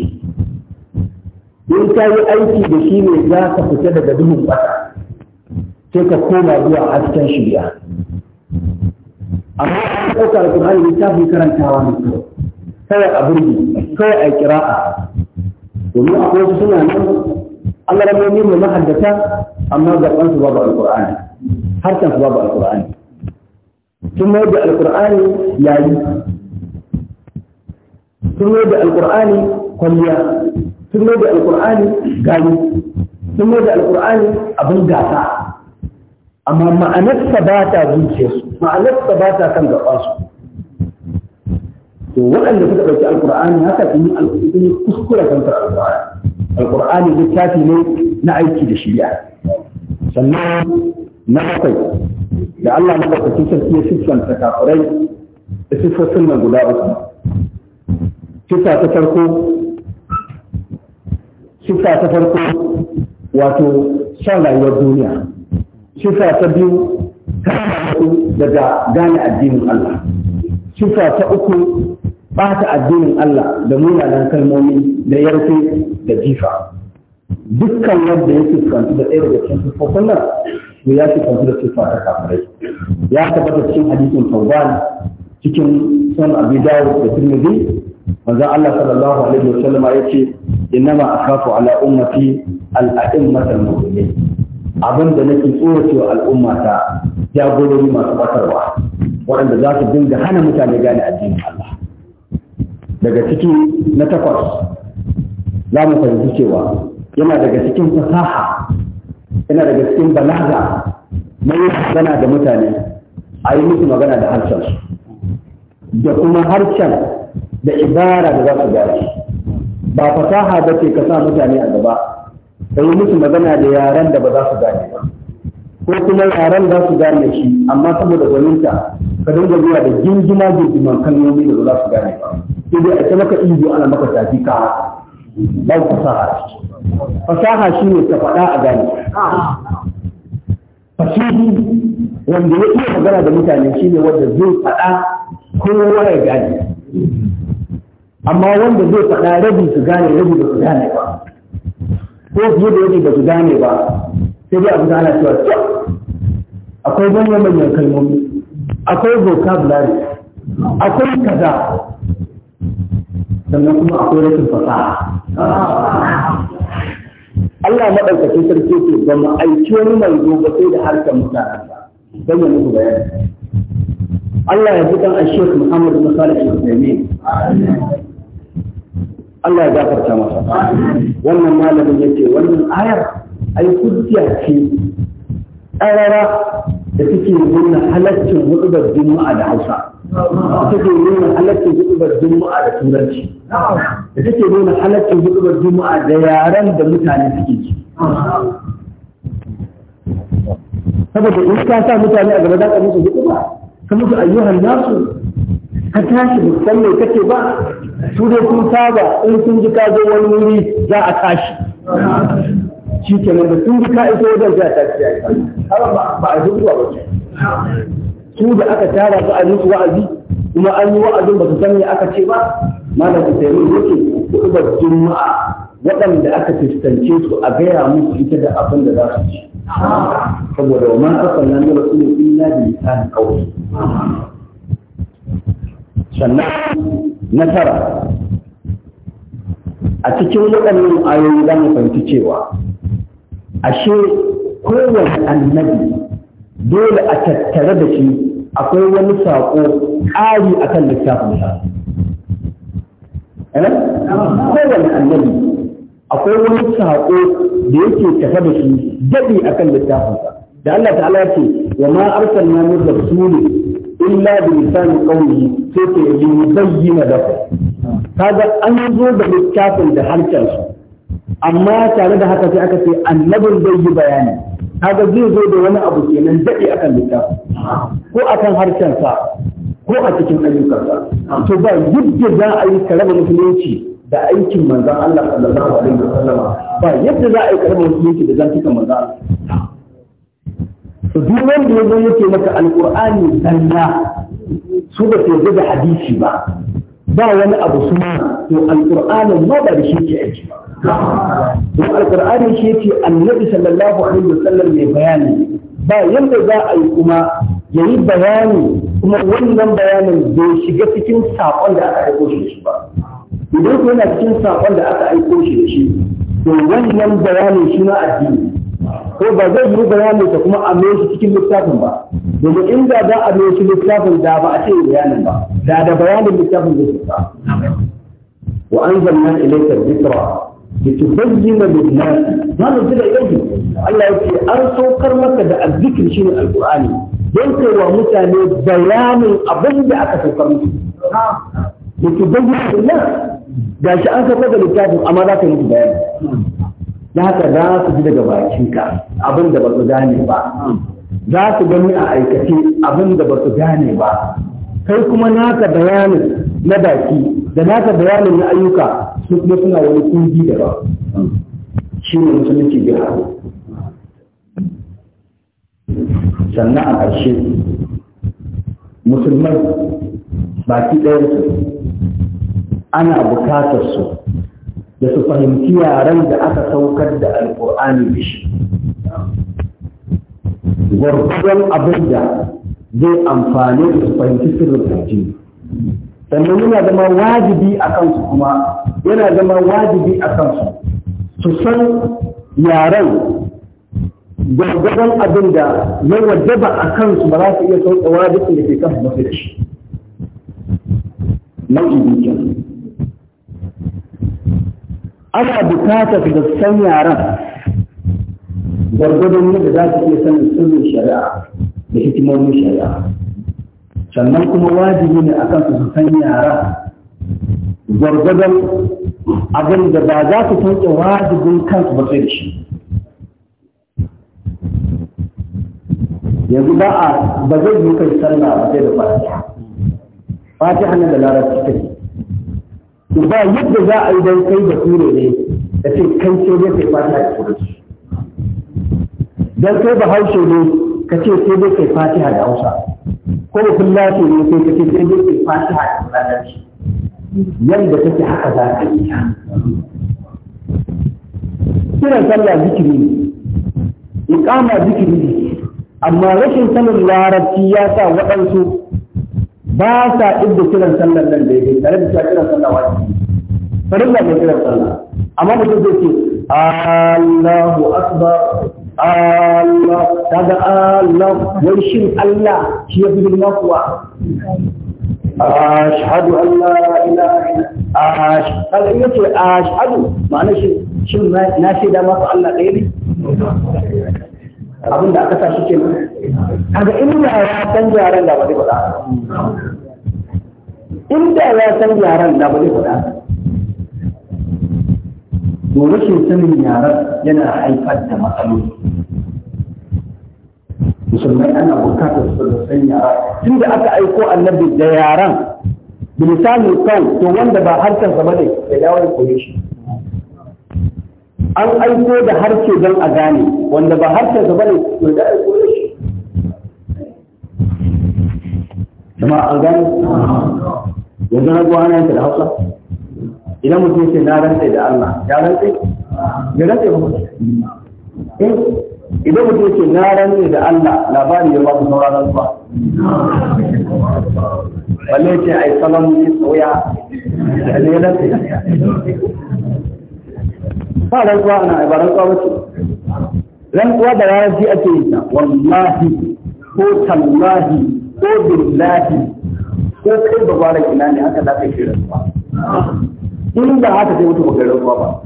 in ka yi aiki da shi ne za ka fita daga duhun ba sai ka koma zuwa hasken shirya amma a ɗauka da littafin karantawa ne kawai a burgi kawai a kira'a domin akwai wasu suna nan Allah ramomi mu mahaddata amma zaɓansu babu alƙur'ani harshen su babu alƙur'ani sun mayar da alkur'ani yayi sun mayar da alkur'ani kwalliya sun mayar da alkur'ani gani sun mayar da alkur'ani abin gasa amma ma'anarsa ba ta zuciyarsu ma'anarsa ba ta kan gabansu to waɗanda suka ɗauki alkur'ani haka sun yi alkur'ani yi kuskure kantar alkur'ani alkur'ani littafi ne na aiki da shari'a sannan na bakwai da Allah su sarki ya siffanta kafirai da siffofin nan guda uku siffa ta farko siffa ta farko wato shan rayuwar duniya siffa ta biyu ta daga gane addinin Allah siffa ta uku bata addinin Allah da munanan kalmomi da yarfe da jifa dukkan wanda ya fuskanci da ɗaya daga cikin siffofin nan to ya ce kwanci da sifa ta kafirai ya tabbata cikin hadisin tawban cikin son abi dawud da tirmidhi manzo Allah sallallahu alaihi wasallam ya ce innama akhafu ala ummati al-a'immat al-mu'minin abin da nake tsoracewa al'umma ta jagorori masu batarwa waɗanda za su dinga hana mutane gane addinin Allah daga ciki na takwas za mu fahimci cewa yana daga cikin fasaha yana daga cikin balaga mai magana da mutane a yi musu magana da harshen da kuma harshen da ibara da za su gane ba fasaha ba ce ka sa mutane a gaba ka yi musu magana da yaren da ba za su gane ba ko kuma yaren za su gane shi amma saboda gwaninta ka dinga zuwa da gingima gingiman kalmomi da ba za su gane ba sai dai a ce maka ido ana maka tafi ka ba fasaha fasaha shi ne ta faɗa a gani fasihi wanda ya iya magana da mutane shi ne wanda zai faɗa kowa ya gani amma wanda zai faɗa rabi su gane rabi ba su gane ba ko fiye da rabi ba su gane ba sai dai abu da ana cewa akwai manyan manyan kalmomi akwai vocabulary akwai kaza sannan kuma akwai rashin fasaha Allah maɗaukacin sarki ce ba mu aiki wani manzo ba sai da harkar mutanen ba don ya muku bayani Allah ya bukan a Sheikh Muhammad bin Salih Al-Uthaymeen Allah ya gafarta masa wannan malamin yace wannan ayar ai hujja ce tsarara da take nuna halaccin hudubar juma'a da Hausa take nuna halaccin hudubar juma'a da Turanci da take nuna halaccin hudubar juma'a da yaren da mutane suke ci saboda in ka sa mutane a gaba za ka musu ba? ka musu ayyuhan nasu ka tashi musamman kake ba su dai sun saba in sun ji ka zo wani wuri za a tashi shi ke nan da sun ji ka iso wajen za a tashi ya yi ba a zuwa ba su da aka tara su a yi wa'azi kuma an yi wa'azin ba su san me aka ce ba malam Usaimin yake kubar juma'a waɗanda aka fuskance su a gaya musu ita da abin da za su ci saboda wa man arsalna min rasulin illa bi lisan qawli sannan nasara a cikin waɗannan ayoyi za mu fahimci cewa ashe kowane annabi dole a tattare da shi akwai wani saƙo ƙari akan littafin sa Eh? kowane annabi akwai wani saƙo da yake tafa da shi daɗi akan littafinsa da Allah ta'ala ce wa ma arsalna min rasulin illa bi lisani qawlihi sai ta yubayyana lahu kaga an zo da littafin da harkar su amma tare da haka sai aka ce annabin zai yi bayani kaga zai zo da wani abu kenan daɗi akan littafin ko akan harkar sa ko a cikin ayyukansa to ba yadda za a yi karama musulunci da aikin manzan Allah sallallahu alaihi wasallama ba yadda za a yi karama musulunci da zantukan manzan Allah to duk wanda ya zo yake maka alqur'ani dalla su ba su yarda da hadisi ba ba wani abu suna to alqur'ani ma ba da shi ke aiki ba don alqur'ani shi yake annabi sallallahu alaihi wasallam mai bayani ba yadda za a yi kuma yayi bayani kuma wannan bayanin bai shiga cikin saƙon da aka aiko shi da shi ba idan ku yana cikin saƙon da aka aiko shi da shi to wannan bayanin shi na addini ko ba zai yi bayanin ta kuma a mai shi cikin littafin ba domin inda za a mai shi littafin da ba a ce bayanin ba da da bayanin littafin zai fita wa anzalna ilayka dhikra لتبين للناس ما نزل إليه الله يقول أن سوكر مكة الذكر شيء القرآن don wa mutane bayanin abin da aka saukar musu da ke bayyana nan ga shi an saukar da littafin amma za ka yi bayani da haka za su ji daga bakinka abin da ba su gane ba za su gani a aikace abin da ba su gane ba kai kuma naka bayanin na baki da naka bayanin na ayyuka su kuma suna wani kungi da ba shi ne musulunci bai haɗu sannan a ƙarshe musulmai baki ɗayansu ana bukatar su da su fahimci yaren da aka saukar da alƙur'ani da shi gwargwadon abin da zai amfani da su fahimci sirrin addini sannan yana zama wajibi a kansu kuma yana zama wajibi a kansu su san yaren gwargwadon abin da ya wajaba a kansu ba za su iya sauka wajibin da ke kan mafi da shi nau'in dukiya ana bukatar da san yaran gwargwadon da za su iya sanin sirrin shari'a da hikimomin shari'a sannan kuma wajibi ne a kansu su san yara gwargwadon abin da ba za su sauke wajibin kansu ba sai da shi yanzu ba a ba zai yi kai sallah ba sai da fatiha fatiha nan da larabci take to ba yadda za a yi dan kai da sure ne da ce kai ce ne kai fatiha da turanci dan kai ba haushe ne ka ce sai dai kai fatiha da hausa ko da kullace ne sai ka ce sai dai kai fatiha da turanci yadda take haka za ka yi ta kiran sallah zikiri ne iqama zikiri ne amma rashin sanin larabci ya sa waɗansu ba sa inda kiran sallar nan daidai tare da cewa kiran sallah wajibi farin da kiran sallah amma mutum zai ce Allahu akbar Allah kaga Allah wai shin Allah shi ya fi girma kuwa ashhadu an la ilaha illa in yace ashhadu ma'ana shin na shaida masa Allah ɗaya ne abin da aka sa shi ke kaga inda ya san yaran da ba zai faɗa inda ya san yaran da ba zai faɗa to rashin sanin yaran yana haifar da matsaloli musulmai ana bukatar su da san yara da aka aiko annabi da yaran bilisani kan to wanda ba harkar zama ne ya dawo ya koyi shi an aiko da harshe don a gane wanda ba harshe ba ne to da aiko da shi jama'a an gane yanzu na zuwa ana da hausa idan mutum ce na rantse da Allah ya rantse ya rantse ba eh idan mutum ce na rantse da Allah labari ya ba saura sauraron ba balle ce ai salamu ne soya da ne rantse ba rantsuwa ana ba rantsuwa ba ce rantsuwa da ranar ji ake yi ta wallahi ko tallahi ko billahi ko kai ba ba gina ne haka za ka yi rantsuwa in da haka sai mutu ba kai rantsuwa ba ba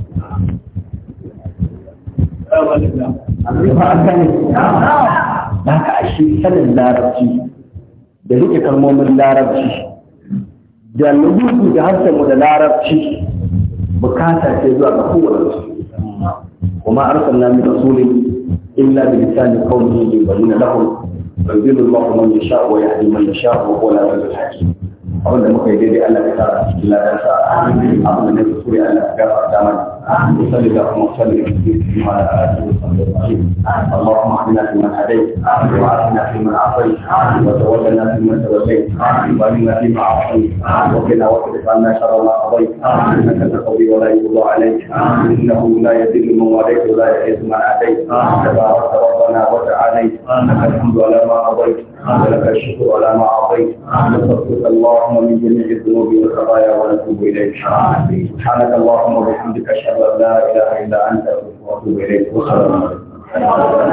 a ka ashe sanin larabci da rike kalmomin larabci da lubutu da harshen mu da larabci bukatar ce zuwa ga kowane وما أرسلنا من رسول إلا بلسان قومه يبين لهم ويضل الله من يشاء ويهدي من يشاء وهو العزيز الحكيم abin da muka yi daidai Allah ya sa a cikin ladansa abin da na kuskure Allah ya gafarta mana وسلم وسلم على اله وصحبه اجمعين اللهم اعنا فيمن هديت وعافنا فيمن عافيت وتولنا فيمن توليت وعلمنا فيما عصيت وقنا واصرف عنا شر ما قضيت انك تقضي ولا يقضى عليك انه لا يذل من واليت ولا يعز من عاديت تبارك ربنا وتعاليت لك الحمد على ما قضيت ولك الشكر على ما اعطيت نستغفرك اللهم من جميع الذنوب والخطايا ونتوب اليك سبحانك اللهم وبحمدك اشهد أشهد أن لا إله إلا أنت وأتوب إليك وسلام عليكم